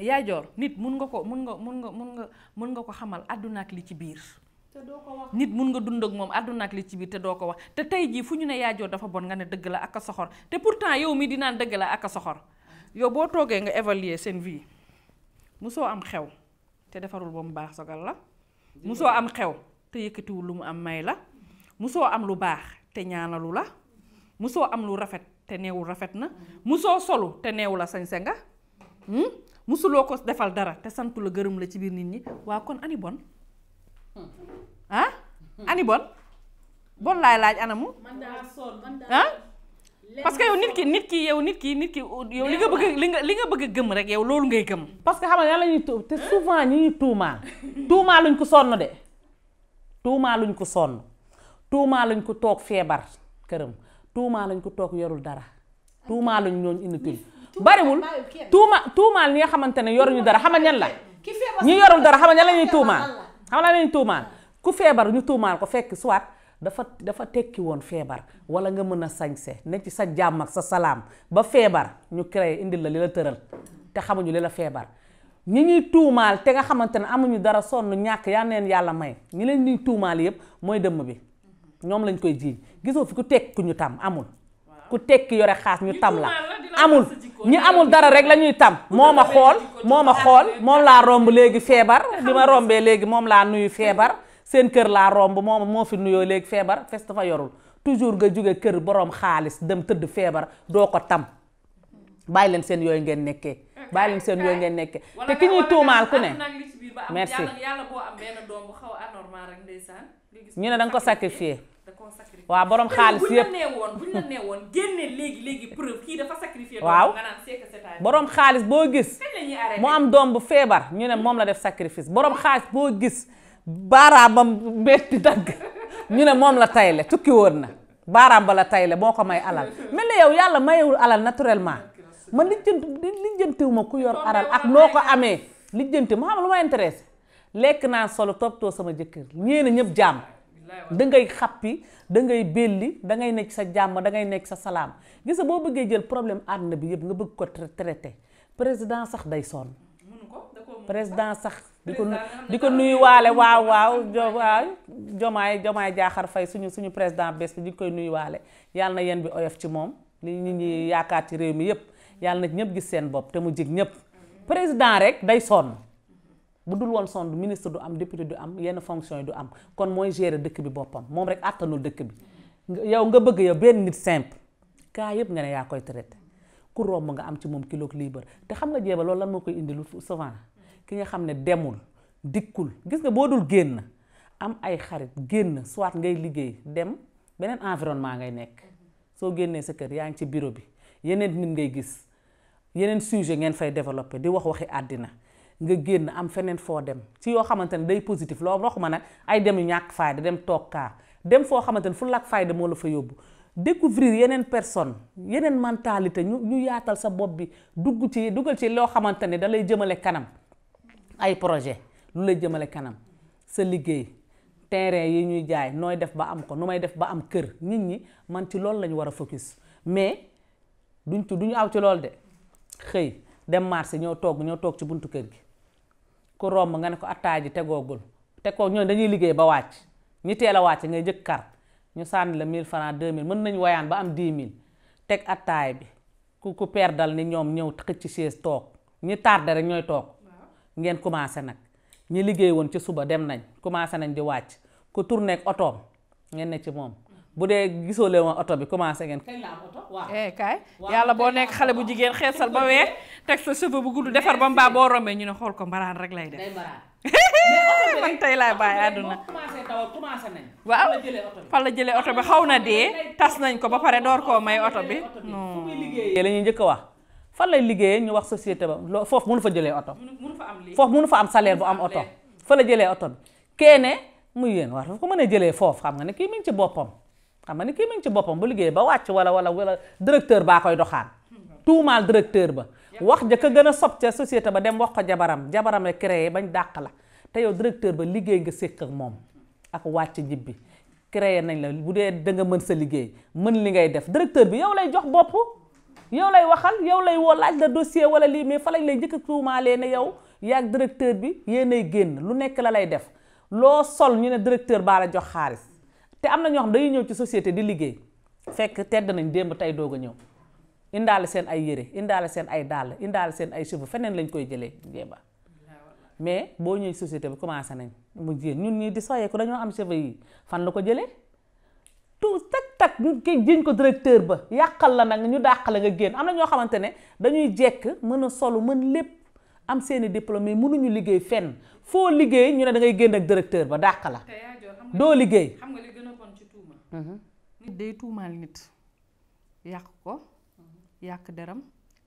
yaay nit mun nga ko mun nga mun nga mun nga mun nga ko xamal àdduna li ci biir. nit mun nga dund ak moom àdduna ak li ci biir te doo ko wax te tey jii fu ñu ne yaay dafa bon nga ne dëgg la ak a soxor te pourtant yow mi dinaan dëgg la ak soxor yow boo toogee nga évaluer seen vie musoo am xew te defarul ba mu baax sogal la. musoo am xew te yëkkatiwul lu mu am may la. musoo am lu baax te ñaanalu la. musoo am lu rafet te neewul rafet na. Mm-hmm. musoo solu te neew la sañse nga. Hmm? musuloo ko defal dara te santu la leci la ci bir nit ñi wa kon ani bon ah ani bon bon lay laaj anamu ah parce que yow nit ki nit ki yow nit ki nit ki yow li nga bëgg li nga li nga bëgg gëm rek yow loolu ngay gëm parce que xamal nga ñuy te souvent ñi ñuy tuuma tuumaa luñ ko sonn de tuuma luñ ko sonn tuuma luñ ko tok feebar kërëm tuuma luñ ko tok yorul dara tuuma luñ inutile bariwul tuuma tuumaal ñi nga xamante ne yoruñu dara xama ñan la ñi yorul dara xama ñan la ñuy tuumaal xama la ñuy ku feebar ñu tuumaal ko fekk soit dafa dafa tekki woon feebar wala nga mën a sañse ne ci sa jàmm ak sa salaam ba feebar ñu créé indi la li la tëral te xamuñu li la feebar ñi ñuy tuumaal te nga xamante ne amuñu dara sonn ñàkk yaa neen yàlla may ñi leen ñuy tuumaal yëpp mooy dëmm bi ñoom lañ koy jiiñ gisoo fi ku tekki ñu tam amul ku tekki yore xaas ñu tam la amul ñi amul dara rek la ñuy tam moo ma xool moo ma xool moom laa romb léegi feebar bi ma rombee léegi moom laa nuyu feebar seen kër laa romb moom moo fi nuyoo léegi feebar fes dafa yorul toujours nga jóge kër borom xaalis dem tëdd feebar doo ko tam bàyyi leen seen yooyu ngeen nekkee bàyyi leen seen yooyu ngeen nekkee te ki ñuy tuumaal ku ne merci ñu ne danga ko sacrifier waaw boroom xaalis yëpp buñ woon buñ kii dafa waaw nga xaalis boo gis. mu am doom bu feebar ñu ne moom la def sacrifice boroom xaalis boo gis baaraamam metti dagg ñu ne moom la tayle tukki woon na baaraam ba la tayle moo ko may alal mel ni yow yàlla mayewul alal naturellement man lijjanti lijjantiwuma ku yor alal ak noo ko amee lijjanti ma xam lu ma intéressé lekk naa solo toppatoo sama jëkkër ñeena ñëpp jàmm. da ngay xappi da ngay belli da ngay nekk sa jamm da ngay nekk sa salam gis nga boo bëggee jël problème adna bi yeb nga bëgg ko traité président sax day sonn président sax di ko di nuyu walé waaw waaw jomaay jomaay jaaxar fay suñu suñu président bés bi di koy nuyu walé yalla na yeen bi oyof ci mom li nit ñi yaakaati réew mi yeb yalla na ñep gis seen bop te mu jig ñep président rek day son bu dul woon sonde ministre du am député du am yenn fonction yi du am kon mooy gérer dëkk bi boppam moom rek àttanul dëkk bi yow nga bëgg yow benn nit simple cas yëpp nga ne yaa koy traité ku romb nga am ci moom kilo libre te xam nga jeeba loolu lan moo koy indi lu souvent ki nga xam ne demul dikkul gis nga boo dul génn am ay xarit génn soit ngay liggéey dem beneen environnement ngay nekk soo génnee sa kër yaa ngi ci bureau bi yeneen nit ngay gis yeneen sujet ngeen fay développé di wax waxi àddina nga génn am feneen foo dem ci yoo xamante ne day positif loo ma nag ay dem yu ñàkk fayda dem toog kaa dem foo xamante ne fu lak faay moo la fa yóbbu découvrir yeneen personne yeneen mentalité ñu ñu yaatal sa bopp bi dugg ci ci loo xamante ne da lay jëmale kanam ay projet lu lay jëmale kanam sa liggéey terrain yi ñuy jaay nooy def ba am ko nu may def ba am kër nit ñi man ci loolu la war a focus mais duñ ci aw ci loolu de xëy dem marché ñoo toog ñoo toog ci buntu kër gi ku romb nga ne ko attaay bi tegoogul te ko ñoom dañuy liggéey ba wàcc ñi teel a wàcc ngay jëkk kar ñu sànni la 1000 francs 2000 mën nañu woyaan ba am 10000 teg attaay bi ku ku perdal ni ñoom ñëw xëcc ci chaise toog ñu tardé rek ñooy toog ngeen commencé nag ñu liggéey woon ci suba dem nañ commencé nañ di wàcc ku tourné ak otoom ngeen ne ci moom bu dee gisoo leen woon oto bi commencé ngeen. kañ la eh, yàlla boo nekk xale bu jigéen xeesal ba weex teg sa cheveux bu gudd defar ba mbaa boo rombee ñu ne xool ko mbaraan rek lay def. man tey laay bàyyi àdduna waaw fan la jëlee oto bi xaw na dee tas nañ ko ba pare door koo may oto bi non la njëkk wax fan lay liggéeyee ñu wax société ba loo foofu mënu fa jëlee oto foofu mënu fa am salaire bu am oto fa la jëlee oto bi keene muy yen wax dafa ko mën a jëlee foofu xam nga ne kii ci boppam xam nga ni kii mi ngi ci boppam bu liggéey ba wàcc wala wala wala directeur baa koy doxaan tuumaal directeur ba wax ja gën a sob ca société ba dem wax ko jabaram jabaram la créé bañ dàq la te yow directeur ba liggéey nga séq ak moom ak wàcc njibbi créé nañ la bu dee da nga mën sa liggéey mën li ngay def directeur bi yow lay jox bopp yow lay waxal yow lay woo laaj la dossier wala lii mais fa lañ lay jëkk a tuumaalee ne yow yaag directeur bi yéenay génn lu nekk la lay def loo sol ñu ne directeur baa la jox xaalis te am na ñoo xam dañuy ñëw ci société di liggéey fekk tedd nañ démb tey doog a ñëw indaale seen ay yére indaale seen ay dàll indaale seen ay cheveux feneen lañ koy jëlee jéem mais boo ñëwee société bi commencé nañ mu jéem ñun ñii di soyeeku dañoo am cheveux fan la ko jëlee tout tak tak ñu koy jiñ ko directeur ba yàqal la nag ñu dàqale nga génn am na ñoo xamante ne dañuy jekk mën a solu mën lépp am seeni diplôme mais mënuñu liggéey fenn foo liggéey ñu ne da ngay génn ak directeur ba dàq la doo liggéey tuuma. Mhm. nit day tuumaal nit yàq ko mhm. yàq deram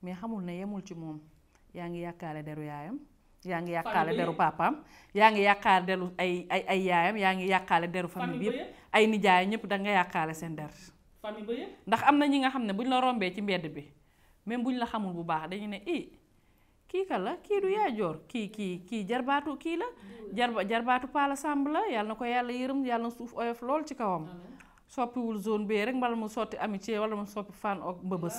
mais xamul na yemul ci moom yaa ngi yàqaale deru yaayam. yaa ngi yàqaale deru papaam yaa ngi yàqaale deru ay ay yaayam yaa ngi yàqaale deru famille bi yëpp ay nijaay ñëpp da nga yàqaale seen der ndax am na ñi nga xam ne buñ la rombee ci mbedd bi même buñ la xamul bu baax dañu ne i ki kala ya yajor ki ki ki jarbatu la jarba jarbatu paala samble yalno ko yalla yirum yalno suuf oyof lol ci kawam wul zone be rek mbal mu soti amitié wala mu soppi fan ok mbëbës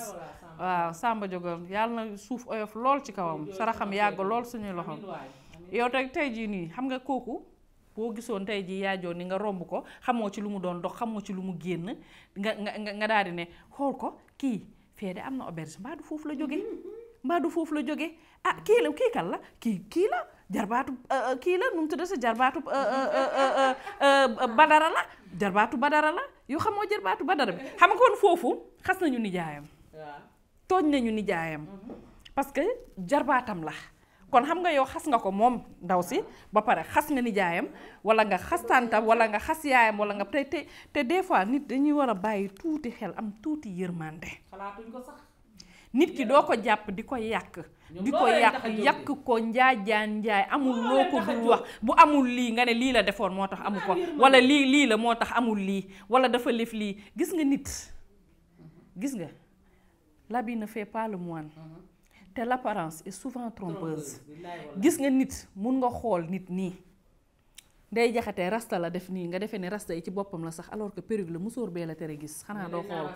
waaw samba jogal yalla suuf oyof lol ci kawam saraxam yag lol suñu loxam yow tak tay ji ni xam nga koku bo gisone tay ji yaajoo ni nga romb ko xamoo ci lu mu doon dox xamoo ci lu mu génn nga nga nga daal di ne xool ko kii fee de am na auberge mbaa du foofu la mbaa du lo joge jógee ah kii la kii kan la kii kii la jarbaatu eh, eh, la sa jarbatu eh, badara la jarbatu badara la yo xamo jarbatu badara bi xam ko kon fofu xas nañu nijaayam togn nañu nijaayam parce que jarbatam la kon xam nga yo xas nga ko mom ndaw si ba pare khas nga nijaayam wala nga xas tàntam wala nga xas yaayam wala nga te te des fois nit dañuy wara baye touti xel am tuuti yërmande xalaatuñ ko sax nit ki doo ko di ko yàq di ko yàq yàq ko njaajaan njaay amul loo ko wax bu amul li nga ne la defoon moo tax amu wala li li la moo tax amul li wala dafa lif lii gis nga nit gis nga labi ne fait pas le moine mm-hmm. te l'apparence est souvent trompeuse gis nga nit mun nga xool nit nii day jaxatee rasta la def nii nga defee rasta ci boppam la sax alors que perruque la la tere gis xanaa doo xool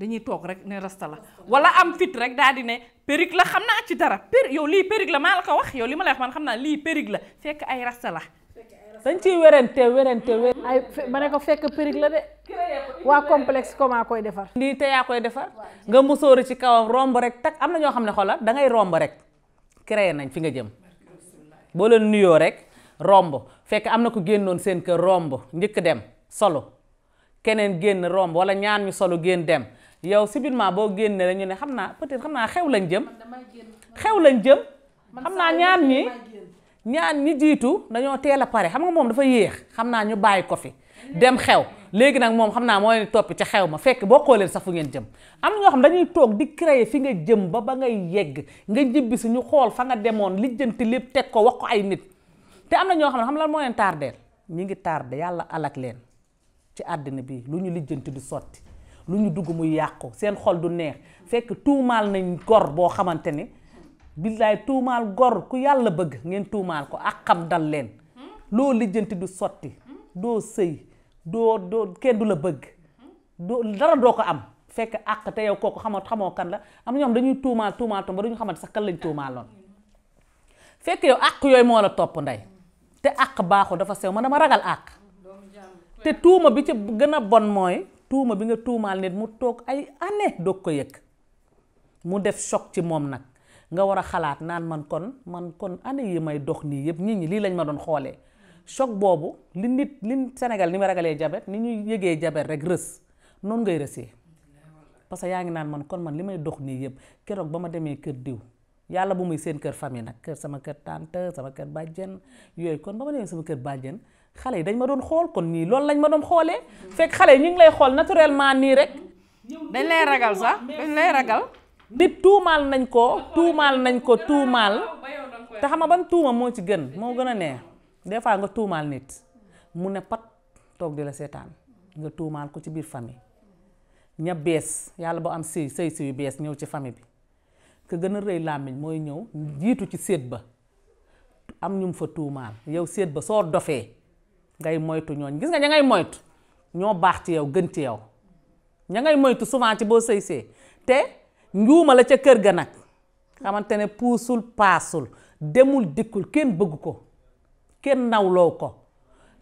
dañuy toog rek ne rasta la wala am fit rek daal di ne périg la xam naa ci dara per yow lii périg la maa la ko wax yow li ma lay wax man xam naa lii périg la fekk ay rasta la dañ ciy werante werante ay ma ne ko fekk périg la de waa complexe comment koy defar lii te yaa koy defar nga musóoru ci kawam romb rek tak am na ñoo xam ne xoolal da ngay romb rek créé nañ fi nga jëm boo leen nuyoo rek romb fekk am na ko génnoon seen kër romb njëkk dem solo keneen génn romb wala ñaan ñu solo génn dem yow subitement boo génnee rek ñu ne xam naa peut-être xam naa xew lañ jëm xew lañ jëm xam naa ñaan ñi ñaan ñi jiitu dañoo teel a pare xam nga moom dafa yéex xam naa ñu bàyyi ko fi dem xew léegi nag moom xam naa moo topp ci xew ma fekk boo xoolee sax fu ngeen jëm am na ñoo xam toog di créer fi nga jëm ba ba ngay yegg nga jibbi si xool fa nga demoon lijjanti lépp teg ko wax ko ay nit te am na ñoo xam ne xam lan moo leen tardeel ñi ngi de yàlla alak leen ci àddina bi lu ñu lijjanti du sotti lu ñu dugg muy yàqu seen xol du neex fekk tuumaal nañ gor boo xamante ni billaay tuumaal gor ku yàlla bëgg ngeen tuumaal ko ak xam dal leen loo lijjanti du sotti doo sëy doo doo kenn du la bëgg doo dara doo ko am fekk àq te yow kooku xamoo xamoo kan la am ñoom dañuy tuumaal tuumaal tom ba dañu xamante sax kan lañ tuumaaloon fekk yow àq yooyu moo la topp ndey te àq baaxul dafa sew man ma ragal àq te tuuma bi ci gën a bon mooy tuuma bi nga tuumaal nit mu toog ay année doog ko yëg mu def choc ci moom nag nga war a xalaat naan man kon man kon année yi may dox nii yëpp nit ñi lii lañ ma doon xoolee choc boobu li nit li Sénégal ni ma ragalee jabet ni ñuy yégee jabet rek rës noonu ngay rësee parce que yaa ngi naan man kon man li may dox nii yëpp keroog ba ma demee kër diw yàlla bu muy seen kër famille nag kër sama kër tante sama kër bàjjen yooyu kon ba ma demee sama kër bàjjen xale yi dañ ma doon xool kon nii loolu lañ ma doon xoolee fekk xale yi ñu ngi lay xool naturellement nii rek. dañ lay ragal sax dañ lay ragal. nit tuumaal nañ ko tuumaal nañ ko tuumaal te xam ma ban tuuma moo ci gën moo gën a neex des fois nga tuumaal nit mu ne pat toog di la seetaan nga tuumaal ko ci biir famille ña bees yàlla boo am sëy sëy sëy bees ñëw ci famille bi ka gën a rëy làmmiñ mooy ñëw jiitu ci séet ba am ñum fa tuumaal yow séet ba soo dofee ngay moytu ñooñ gis nga ña ngay moytu ñoo baax ci yow gën ci yow ña ngay moytu souvent ci boo sëy see te njuuma la ca kër ga nag xamante ne puusul paasul demul dikkul kenn bëgg ko kenn nawloo ko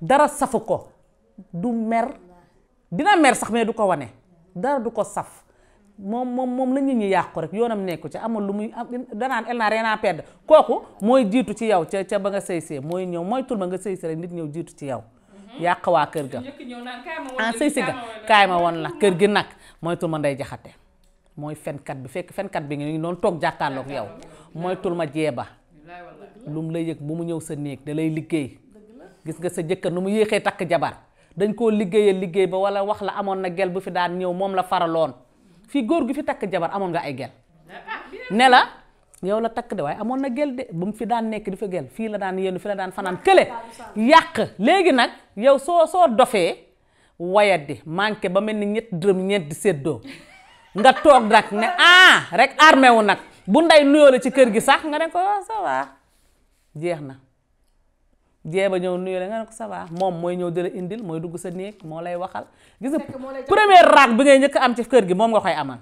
dara safu ko du mer dina mer sax mais du ko wane dara du ko saf moom moom moom la nit ñi yàqu rek yonam nekku ci amul lu muy danaan el naa rena à perdre kooku mooy jitu ci yow ci ca ba nga sëy moy mooy moy mooy tul ma nga sëy rek nit ñew jitu ci yow mm-hmm. yaq wa kër ga ah sëy ga kaay ma won la kër gi nak mooy tul ma ndey jaxate mooy fenkat bi fen fenkat bi ngi tok toog jàkkaarloog yow mooy tul ma jeeba lum lay yek bu mu ñew sa néeg da lay liggéey gis nga sa jëkkër nu mu yéexee tak jabar dañ ko liggéeyee liggéey ba wala wax la amon na gel bu fi daan ñew moom la faraloon fii góor gi fi takk jabar amoon nga ay gel ne la yow la takk de waaye amoon na gel de ba mu fi daan nekk di fa gel fii la daan yendu fi la daan fanaan kële yàq léegi nag yow soo soo dofee wayat di manqué ba mel ni ñett dërëm ñeenti di séddoo nga toog nag ne ah rek armé nag bu ndey nuyoo la ci kër gi sax nga ne ko ah, ça va jeex na jee ba ñëw nuyu la nga ne ko ça moom mooy ñëw di indil mooy dugg sa néeg moo lay waxal gis nga première raak bi ngay njëkk am ci kër gi moom nga koy amal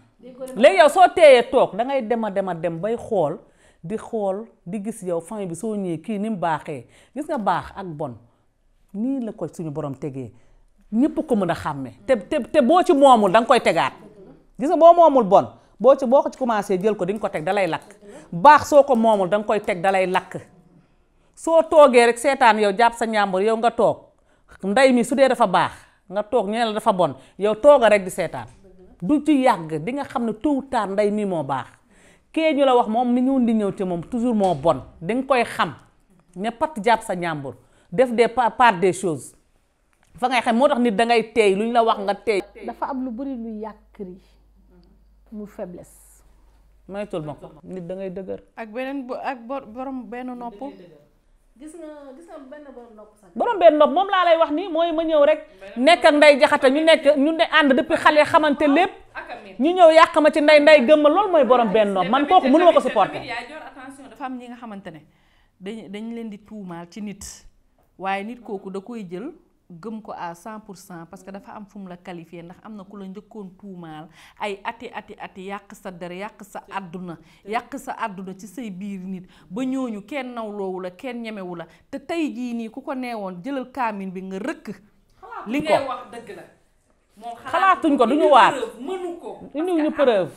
léegi yow soo teeyee toog dangay ngay dem a dem dem bay xool di xool di gis yow famille bi soo ñëwee kii ni mu baaxee gis nga baax ak bon nii la ko suñu borom tegee ñëpp ko mën a xàmme te te te boo ci moomul danga koy tegaat gis nga boo moomul bon boo ci boo ko ci commencé jël ko di nga ko teg dalay lakk baax soo ko moomul da nga koy teg dalay lakk soo toogee rek seetaan yow jàpp sa ñàmbur yow nga toog ndey mi su dee dafa baax nga toog ñu la dafa bon yow tooga rek di seetaan du ci yàgg di nga xam ne tôt ou tard ndey mii moo baax kee ñu la wax moom mi ñu di ñëw ci moom toujours moo bon di nga koy xam ne pat jàpp sa ñàmbur def des part des choses fa ngay xam moo tax nit da ngay teey lu ñu la wax nga teey dafa am lu bëri lu yàq yi mu faiblesse. moytul ma ko nit dangay dëgër. ak beneen ak borom benn nopp. gis nga benn borom nopp sax. borom benn nopp moom laa lay wax nii mooy ma ñëw rek nekk ak nday jaxata ñu nekk ñu ne ànd depuis xale xamante lépp ñu ñëw yàq ma ci ndey nday gëmma loolu mooy borom benn nopp man kooku mënuma ko supporter. yaay joor attention dafa am ñi nga xamante ne dañ dañ leen di tuumaal ci nit waaye nit kooku da koy jël gëm ko à cent pour cent parce que dafa am fu la qualifié ndax am na ku la njëkkoon tuumaal ay ati ati ati yàq sa der yàq sa àdduna yàq sa àdduna ci say biir nit ba ñooñu kenn nawloowu la kenn ñemewu la te tey jii nii ku ko neewoon jëlal kaamin bi nga rëkk li ko wax dëgg la xalaatuñ ko duñu waat mënu ko indiwuñu preuve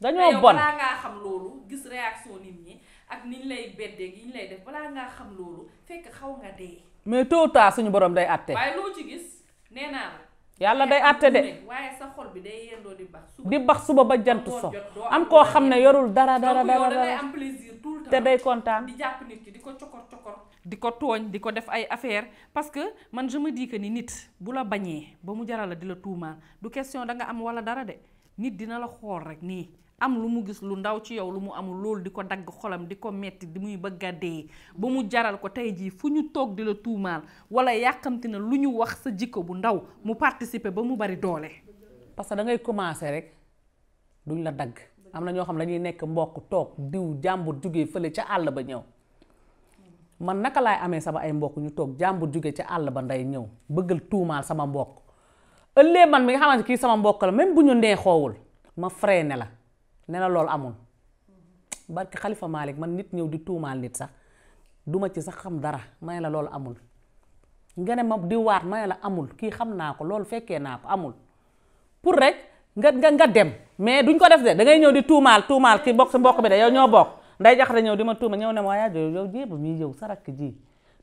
dañoo bon gis réaction ñi ak niñ lay beddee gi ñu lay fekk xaw nga dee mais tôt ou tard suñu borom day atté way lu ci gis néna yalla day atté dé waye sa xol bi day yendo di bax suba di bax suba ba jant so am ko xamné yorul dara dara dara dara am plaisir tout temps té day contane di japp nit ki diko ciokor ciokor diko togn diko def ay affaire parce que man je me dis que ni nit bu la bañee ba mu jaral la di la tuumaal du question da nga am wala dara dé nit dina la xool rek ni am lu mu gis lu ndaw ci yow lu mu amul loolu di ko dagg xolam di ko metti di muy bëgg a dee ba mu jaral ko tey jii fu ñu toog di la tuumaal wala yàqamti na lu ñu wax sa jikko bu ndaw mu participer ba mu bari doole. parce que da ngay commencer rek duñ la dagg am na ñoo xam ne dañuy nekk mbokk toog diw jàmbur jugee fële ca àll ba ñëw man naka laay amee sama ay mbokk ñu toog jàmbur jugee ca àll ba nday ñëw bëggal tuumaal sama mbokk ëllëg man mi nga xamante kii sama mbokk la bu ñu ndee xoowul ma freiné la. ne na loolu amul barki xalifa Malick man nit ñëw di tuumaal nit sax duma ci sax xam dara ma ne la loolu amul nga ne ma di waat ma la amul kii xam naa ko loolu fekkee naa ko amul pour rek nga nga dem mais duñ ko def de da ñëw di tuumaal tuumaal ki bokk si mbokk bi de yow ñoo bokk nday jaxate ñëw di ma tuuma ñëw ne ma waaye yow jéeba mii yow sarak ji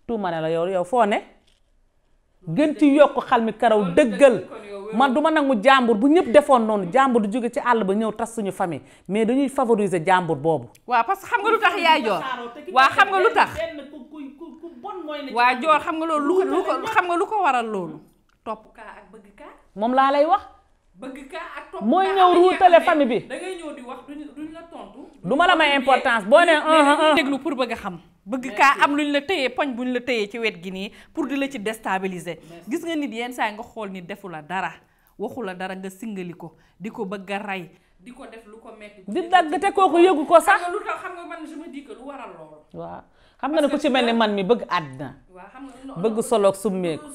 tuuma ne la yow yow foo ne gën ci yokk xal mi karaw dëggal man du ma nangu jàmbur bu ñëpp defoon noonu jàmbur du jóge ci àll ba ñëw tas suñu famille mais dañuy favoriser jàmbur boobu. waa parce que xam nga lu tax yaay joor waa xam nga lu tax waa joor xam nga loolu lu ko xam nga lu ko waral loolu. topp kaa ak bëgg kaa. moom laa lay wax. mooy ñëw ruutale famille bi da ngay ñëw di wax duñ la tontu. du ma la may importance boo nee ah, ah, un ah. déglu pour bëgg a xam. bëgg kaa am luñ la tëyee poñ ñu la tëyee ci wet gi nii pour di la ci déstabiliser. gis nga nit yenn saa nga xool ni defu la dara waxu la dara nga singali ko di ko bëgg a rey. di ko def lu ko metti di dagg te kooku yëgu ko sax. xam nga lu tax xam nga man je me dis waral loolu. waaw. xam nga ne ku ci mel ne man mi bëgg àddina bëgg soloog summeeku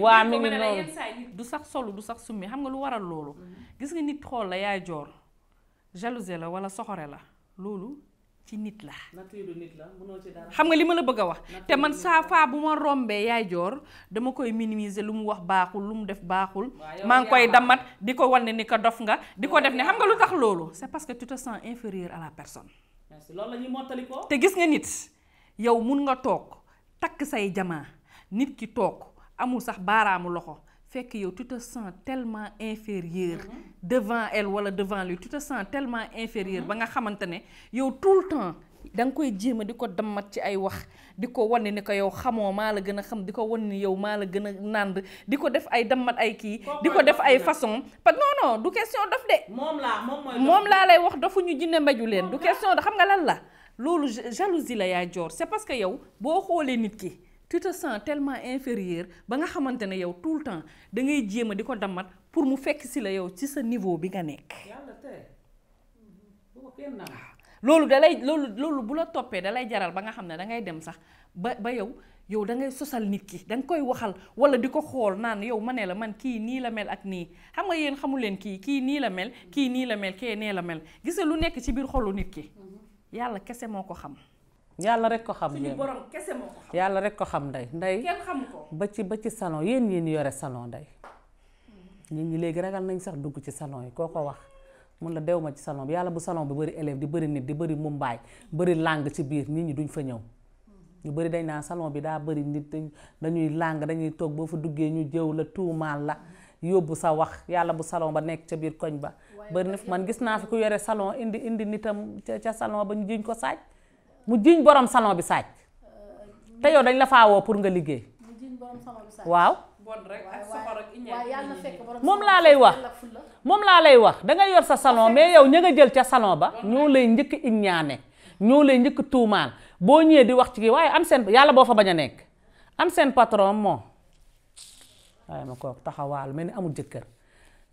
waa mi ngi noonu du sax solo du sax summee xam nga lu waral loolu mm-hmm. gis nga nit xool la yaay joor jalousie la wala soxore la loolu ci nit la xam nga li ma la bëgg a wax te man saa faa bu ma rombee yaay joor dama koy minimiser lu mu wax baaxul lu mu def baaxul maa ngi koy damat di ko wal ne ni ko dof nga di ko def ne xam nga lu tax loolu c'est parce que tu te sens inférieur à la personne yow mun nga toog takk say jama, nit ki toog amul sax baaraamu loxo fekk yow tu te sens tellement inférieur mhm. devant elle wala devant lui tu te sens tellement inférieur mhm. ba nga xamante ne yow tout le temps da nga koy jéem a dammat ci ay wax di ko ko yow xamoo la a xam yow la gën a def ay dammat ay non non du question de moom laa moom laa lay wax dofuñu jinne mbaju du la loolu jalousie la yaay joor c'est parce que yow boo xoolee nit ki tu te sens tellement inférieur ba nga xamante ne yow tout le temps da ngay jéem a di ko damat pour mu fekk si la yow ci sa niveau bi nga nekk. Mm-hmm. Ah, loolu da lay loolu loolu bu la toppee da lay jaral ba nga xam ne da ngay dem sax ba ba yow yow da ngay sosal nit ki da nga koy waxal wala di ko xool naan yow ma ne la man kii nii la mel ak nii xam nga yéen xamu leen kii kii nii la mel kii nii la mel kee nee la mel gis lu nekk ci biir xolu nit ki. yàlla kese moo ko xam. yàlla rek ko xam suñu borom rek ko xam nday nday kenn xam ba ci ba ci salon yéen yéen yore salon nday nit ñi léegi ragal nañ sax dugg ci salon yi koo ko wax mun la dew ma ci salon bi yàlla bu salon bi bari élève di bari nit di bëri mumbaay bëri langue ci biir nit ñi duñ fa ñëw. ñu bëri dañ naan salon bi daa bëri nit dañuy làng dañuy toog boo fa duggee ñu jëw la tuumaal la yóbbu sa wax yàlla bu salon ba nekk ca biir koñ ba bari na man gis naa fi ku yore salon indi indi nitam ca salon ba ñu jiñ ko saaj mu jiñ borom salon bi saaj euh, te yow dañ la faawoo pour nga liggéey waaw moom laa lay wax moom laa lay wax da yor sa salon mais yow ña nga jël ca salon ba ñoo lay njëkk iññaane ñoo lay njëkk tuumaal boo ñëwee di wax ci kii waaye am seen yàlla boo fa bañ a nekk am seen patron moom waaye ma ko taxawaal mel ni amul jëkkër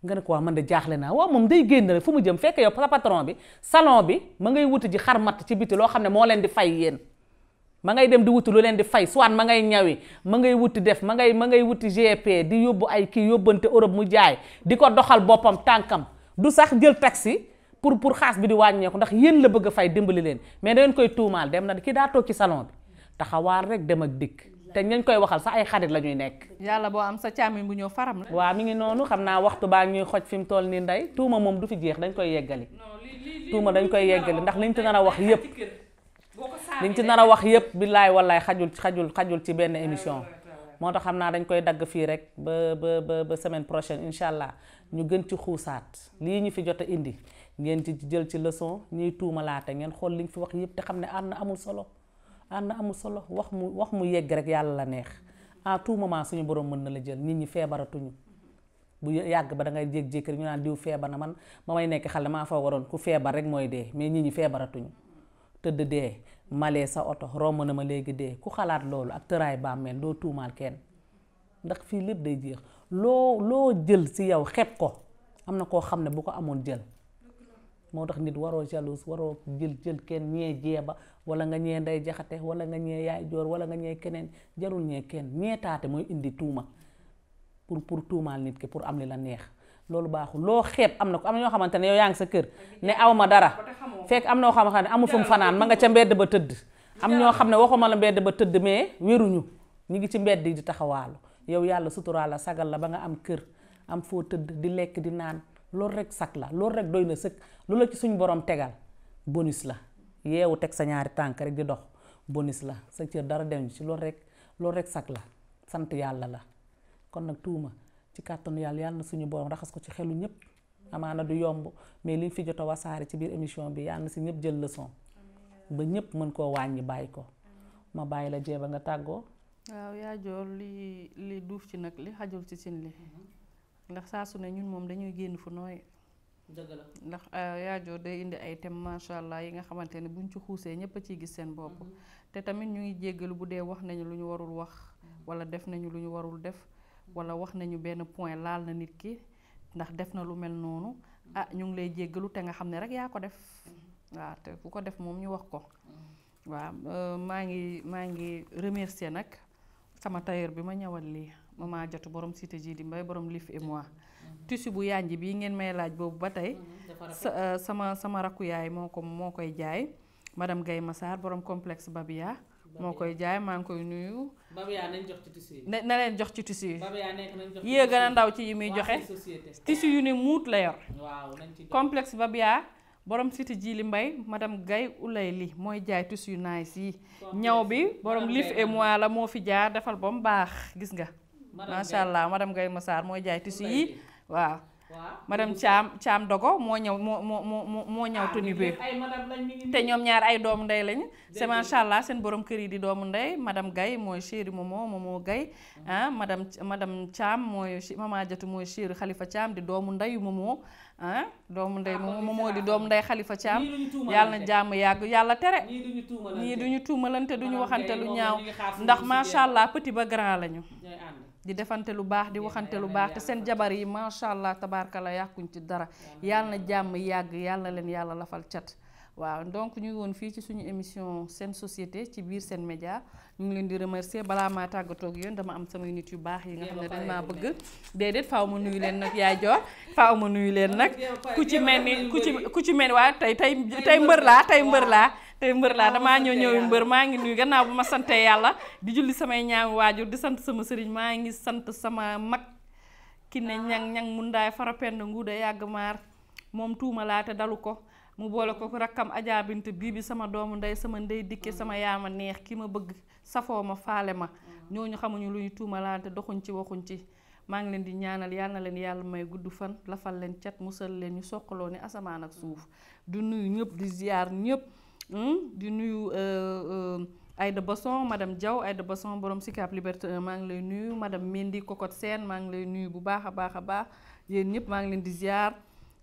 nga ne ko waa man de jaaxle naa waaw moom day génn rek fu mu jëm fekk yow sa bi salon bi ma ngay wuti ji xar matt ci biti loo xam ne moo leen di fay yéen ma ngay dem di wuti lu leen di fay soit ma ngay ñawi ma ngay wuti def ma ngay ma ngay wuti GP di yóbbu ay kii yóbbante Europe mu jaay di ko doxal boppam tànkam du sax jël si pour pour xaas bi di wàññeeku ndax yéen la bëgg a fay dimbali leen mais da ngeen koy tuumaal dem na kii daa toog ci salon bi te ngeen koy waxal sa ay xarit la ñuy nekk. yàlla boo am sa càmmiñ bu ñëw faram waa waaw ngi noonu xam naa waxtu baa ñuy xoj fi toll nii ndey tuuma moom du fi jeex dañ koy yeggali. tuuma dañ koy yeggali ndax liñ ci nar a wax yëpp. liñ ci nar a wax yëpp billaay wallaay xajul xajul xajul ci benn émission. moo tax naa dañ koy dagg fii rek ba ba ba semaine prochaine incha allah ñu gën ci xuusaat lii ñu fi jot a indi ngeen ci jël ci leçon ñuy tuumalaate ngeen xool liñ fi wax yëpp te xam ne ànd amul solo ànd amul solo wax mu wax mu yegg rek yàlla la neex à tout moment suñu boroom mën na la jël nit ñi feebaratuñu bu yàgg ba da ngay jékki-jékki ñu naan diw feebar na man ma nekk xale maa fa waroon ku feebar mooy dee mais nit ñi feebaratuñu tëdd dee malee sa oto romb na ma léegi dee ku xalaat loolu ak tëraay bàmmeel doo tuumaal kenn ndax fii lépp day jeex loo loo jël si yow xeeb ko am na koo xam ne bu ko amoon jël moo kenn ñee jeeba wala nga ñee nday jaxate wala nga ñee yaay joor wala nga ñee keneen jarul ñee kenn ñee taate mooy indi tuuma pour pour tuumaal nit ki pour am li la neex loolu baaxul loo xeeb am na ko am na ñoo xamante ne yow yaa ngi sa kër ne aw ma dara fekk am na ñoo xamante ne amul fu fanaan ma nga ca mbedd ba tëdd am ñoo xam ne waxuma la mbedd ba tëdd mais wéruñu ñu ngi ci mbedd yi di taxawaalu yow yàlla suturaal la sagal la ba nga am kër am foo tëdd di lekk di naan loolu rek sax la loolu rek doy na sëkk lu la ci suñ borom tegal bonus la yeewu tek sa ñaari tank rek di dox bonus la sa ci dara dem ci lool rek lool rek sak la sant yalla la kon nak tuuma ci carton yalla yalla suñu borom raxas ko ci xelu ñep amana du yomb mais liñ fi jotta wasari ci biir émission bi yalla si jël leçon ba ñep mën ko wañi bayiko ma bàyyi la jeba nga taggo waaw ya liduf li li duuf ci nak li xajul ci sin li ndax sa su ne ñun mom dañuy genn fu noy dëgg la ndax euh, yaajoo day indi ay thèmes macha allah yi nga xamante ne buñ ci xuusee ñëpp a ciy gis seen bopp. Mm-hmm. te tamit ñu ngi jéggalu bu dee wax nañu lu ñu warul wax. Mm-hmm. wala def nañu lu ñu warul def. wala wax nañu benn point laal na nit ki ndax def na lu mel noonu. Mm-hmm. ah ñu ngi lay jéggalu te nga xam ne rek yaa ko def. waaw te ku ko def moom ñu wax ko. waaw euh, maa ngi maa ngi remercier nag sama tailleur bi ma ñëwal lii ma maman Diatou borom cité jii di mbay borom Lif et moi. Tisu bu yanj bi ngeen may laaj boobu ba mhm, eh, sama sama rakku yaay moo ko Madam jaay madame gay Masar borom complexe babia mo koy jaay maa ngi koy nuyu babia nañ jox ci tissu na leen jox ci tissu yi babia nekk nañ jox yee gën kompleks ndaw ci joxe tissu yu ne la yor complexe borom siti jili mbay madame gay ulay li mooy jaay tissu yu nice yi ñaw bi borom lif et moi la mo fi jaar defal bom baah gisnga gis nga madame gay massar mooy jaay tissu yi waaw. madame Thiam Thiam Dogo moo ñëw moo moo moo moo ñëw ah, tenue bi te ñoom ñaar ay doomu ndey lañu c'est macha allah seen borom kër yi di doomu ndey madam gay mooy chéri Momo Momo Gaye madam ah. ah, madame madame Thiam mooy mama Jatu mooy chéri Khalifa Thiam di doomu ndeyu Momo ah doomu ndey Momo Momo di doomu ndey Khalifa Thiam yàlla na jàmm yàgg yàlla tere ñii duñu du ñu waxante lu ñaaw ndax macha allah petit ba grand lañu di defante lu baax di waxante lu baax te seen jabar yi macha allah tabaarkalla yàquñ ci dara yàlla na jàmm yàgg yàlla leen yàlla lafal cat waaw donc ñu woon fii ci suñu émission seen société ci biir seen média ñu ngi leen di remercier balaa maa tàggatoo ak yéen dama am sama nit yu baax yi nga xam ne dañ maa bëgg déedéet faaw ma nuyu leen nag yaay joor faaw ma nuyu leen nag ku ci mel ni ku ci ku ci mel waa tey tey tey mbër laa tey mbër laa tey mbër laa damaa ñëw ñëw mbër maa ngi nuyu gannaaw bu ma santee yàlla di julli samay ñaami waajur di sant sama sëriñ maa ngi sant sama mag ki ne ñang ñang mun daay farapend nguuda yàgg maar moom tuuma laa te dalu ko mu boole ko rakkam Adja Bint bii bi sama doomu ndey sama ndey dikke sama mm. yaama neex ki ma bëgg safoo ma faale ma mm. ñooñu xamuñu luy tuumalaate doxuñ ci waxuñ ci maa ngi leen di ñaanal yal na leen yàlla may gudd fan lafal leen cat musal leen ñu soqaloo ni asamaan ak suuf du nuyu ñëpp di ziar ñëpp hmm? di nuyu euh, euh, Aïda Basson madame Diaw Aïda Basson borom Sicap Liberté maa ngi lay nuyu madame Mendy Cocotte seen maa ngi lay nuyu bu baax a baax a baax yéen ñëpp maa ngi leen di ziar.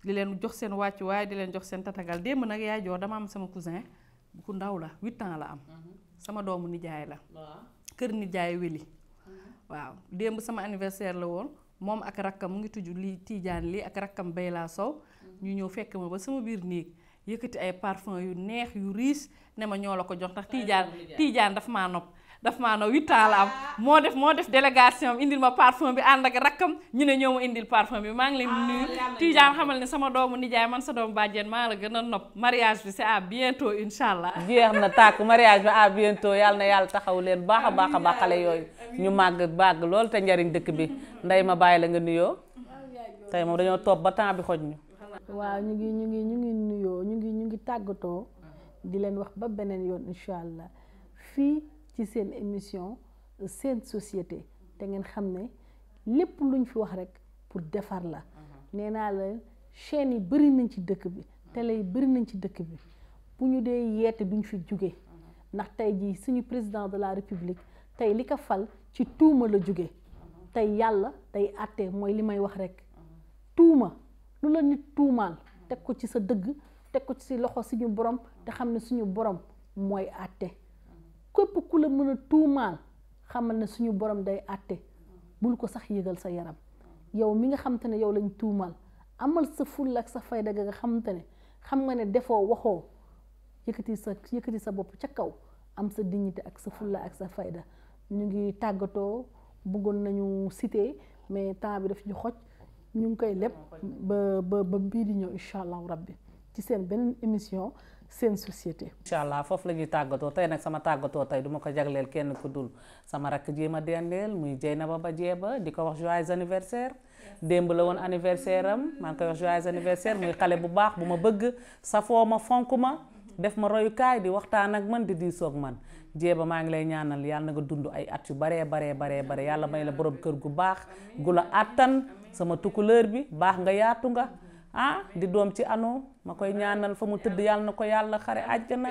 di leen jox seen wàcc waaye di leen jox seen tatagal démb nag yaay joo dama am sama cousin ku ndaw la huit ans la am. Mhm. sama doomu nijaay la. kër nijaay weli. Mhm. waaw démb sama anniversaire la woon moom ak rakkam mu ngi tuju li tiijaan li ak rakkam bay laa sow. Mhm. ñu ñëw fekk ma ba sama biir néeg yëkkati ay parfum yu neex yu riis ne ma ñoo la ko jox ndax tiijaan tiijaan dafa maa nopp. dafa maa na la am moo def moo def délégation indil ma parfum bi ànd ak am ñu ne ñoo indil parfum bi maa ngi leen ah, nuyu Tijaan xamal ne sama doomu nijaay man sa doom bàjjen maa la gën a nopp mariage bi c'est à bientôt incha allah jeex na tàkk mariage bi à bientôt yàlla na yàlla taxaw leen baax a baax a baax xale yooyu ñu màgg bàgg lool te njariñ dëkk bi ndey ma bàyyi la nga nuyoo tey moom dañoo topp ba temps bi xoj ñu waaw ñu ngi ñu ngi ñu ngi nuyoo ñu ngi ñu ngi tàggatoo di leen wax ba beneen yoon incha allah ci seen émission euh, seen société te ngeen xam ne lépp lu ñu fi wax rek pour defar la mhm. nee naa la chaîne yi bëri nañ ci dëkk bi te yi bëri nañ ci dëkk bi bu ñu dee yeete ñu fi jóge mhm. ndax tey jii suñu président de la république tey li ko fal ci tuuma la jóge mhm. tey yàlla day àtte mooy li may wax rek tuuma lu la nit tuumaal teg ko ci sa dëgg teg ko ci loxo suñu borom te xam ne suñu borom mooy àtte képp ku la mën a tuumaal xamal ne suñu borom day àtte bul ko sax yëgal sa yaram yow mi nga xamante ne yow lañ tuumaal amal sa fulla ak sa fayda ga nga xamante ne xam nga ne defoo waxoo yëkkati sa yëkkati sa bopp ca kaw am sa dignité ak sa fulla ak sa fayda ñu ngi tàggatoo bëggoon nañu cité mais temps bi daf ñu xoj ñu ngi koy lépp ba ba ba bii di ñëw incha allahu rabbi ci seen benn émission seen société inshallah allah lañuy tagato tay nak sama tagato tay duma ko jaglel kenn ku dul sama rak jema dendel muy jeyna baba jeba di wax joyeux anniversaire demb la won anniversaire am man ko wax joyeux anniversaire muy xalé bu baax buma bëgg safoo ma fonkuma def ma kay di waxtaan ak man di sok man jeba ma ngi lay ñaanal yalla nga dundu ay at yu bare bare bare bare yalla may la borom kër gu baax gula la sama tukuleur bi baax nga yaatu nga ah di dom ci anu makoy ñaanal fa mu tudd yalla nako yalla xare aljana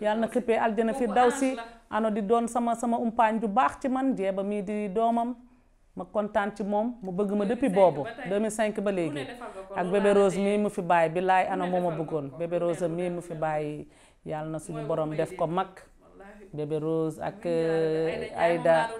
yalla na fi dawsi anu di don sama sama umpaañ ju bax ci man jeeba mi di domam ma kontaan ci mom mu bëgg ma depuis bobu 2005 ba légui ak bébé rose mi mu fi bàyyi bi lay ano moma ma bëggoon bébé rose mi mu fi bàyyi yalla na suñu borom def ko mak bébé rose ak aida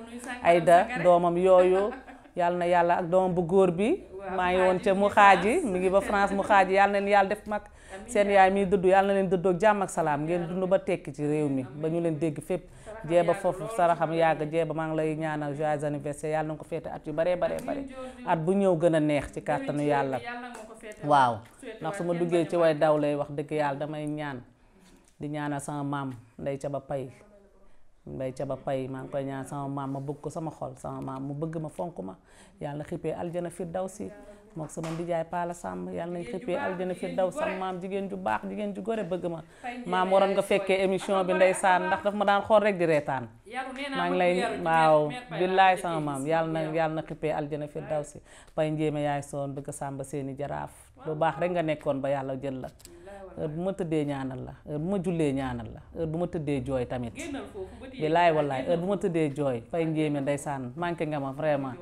aida domam yoyu yàlla na yàlla ak doomam bu góor bi maa ngi woon ca mu xaaji mu ngi ba France mu xaaji yàlla na leen yàlla def mag seen yaay mii dudd yàlla na leen dëddoo jàmm ak salaam ngeen dund ba tekki ci réew mi ba ñu leen dégg fépp jeeba foofu saraxam yàgg jeeba maa ngi lay ñaanal joyeux anniversaire yàlla na nga ko feete at yu baree baree bare at bu ñëw gën a neex ci kàttanu yàlla waaw ndax su ma duggee ci way daw lay wax dëgg yàlla damay ñaan di ñaana sama maam nday ca ba pay mbay ca ba pay maa ngi koy ñaan sama maam ma bëgg ko sama xol sama maam mu bëgg ma fonk ma yàlla na xippee aljana si mook sama ndijaay paala sàmm yàlla nañ xippee aljana firdaws sama maam jigéen ju baax jigéen ju gore bëgg ma maam waroon fekkee émission bi ndeysaan ndax daf ma daan xool rek di reetaan maa ngi lay waaw billaay maam yàlla na yàlla na xippee aljana firdawsi bay njéeme yaay soon bëgg sàmba seeni jaraaf bu baax rek nga nekkoon ba yàlla jël la heure bu ma tëddee ñaanal la heure bu ma jullee ñaanal la heure bu ma tëddee jooy tamit bilaay wallaay heure bu ma tëddee jooy fay njéeme sànn manqué nga ma vraiment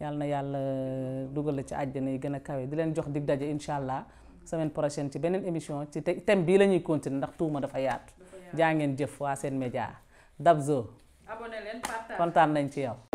yàlla na yàlla euh, dugal la ci na yi gën a kawe di leen jox dig daje incha allah semaine prochaine ci beneen émission ci thème bii la ñuy continuer ndax tuuma dafa yaatu jaa ngeen jëf waa seen média Dabzo kontaan nañ ci yow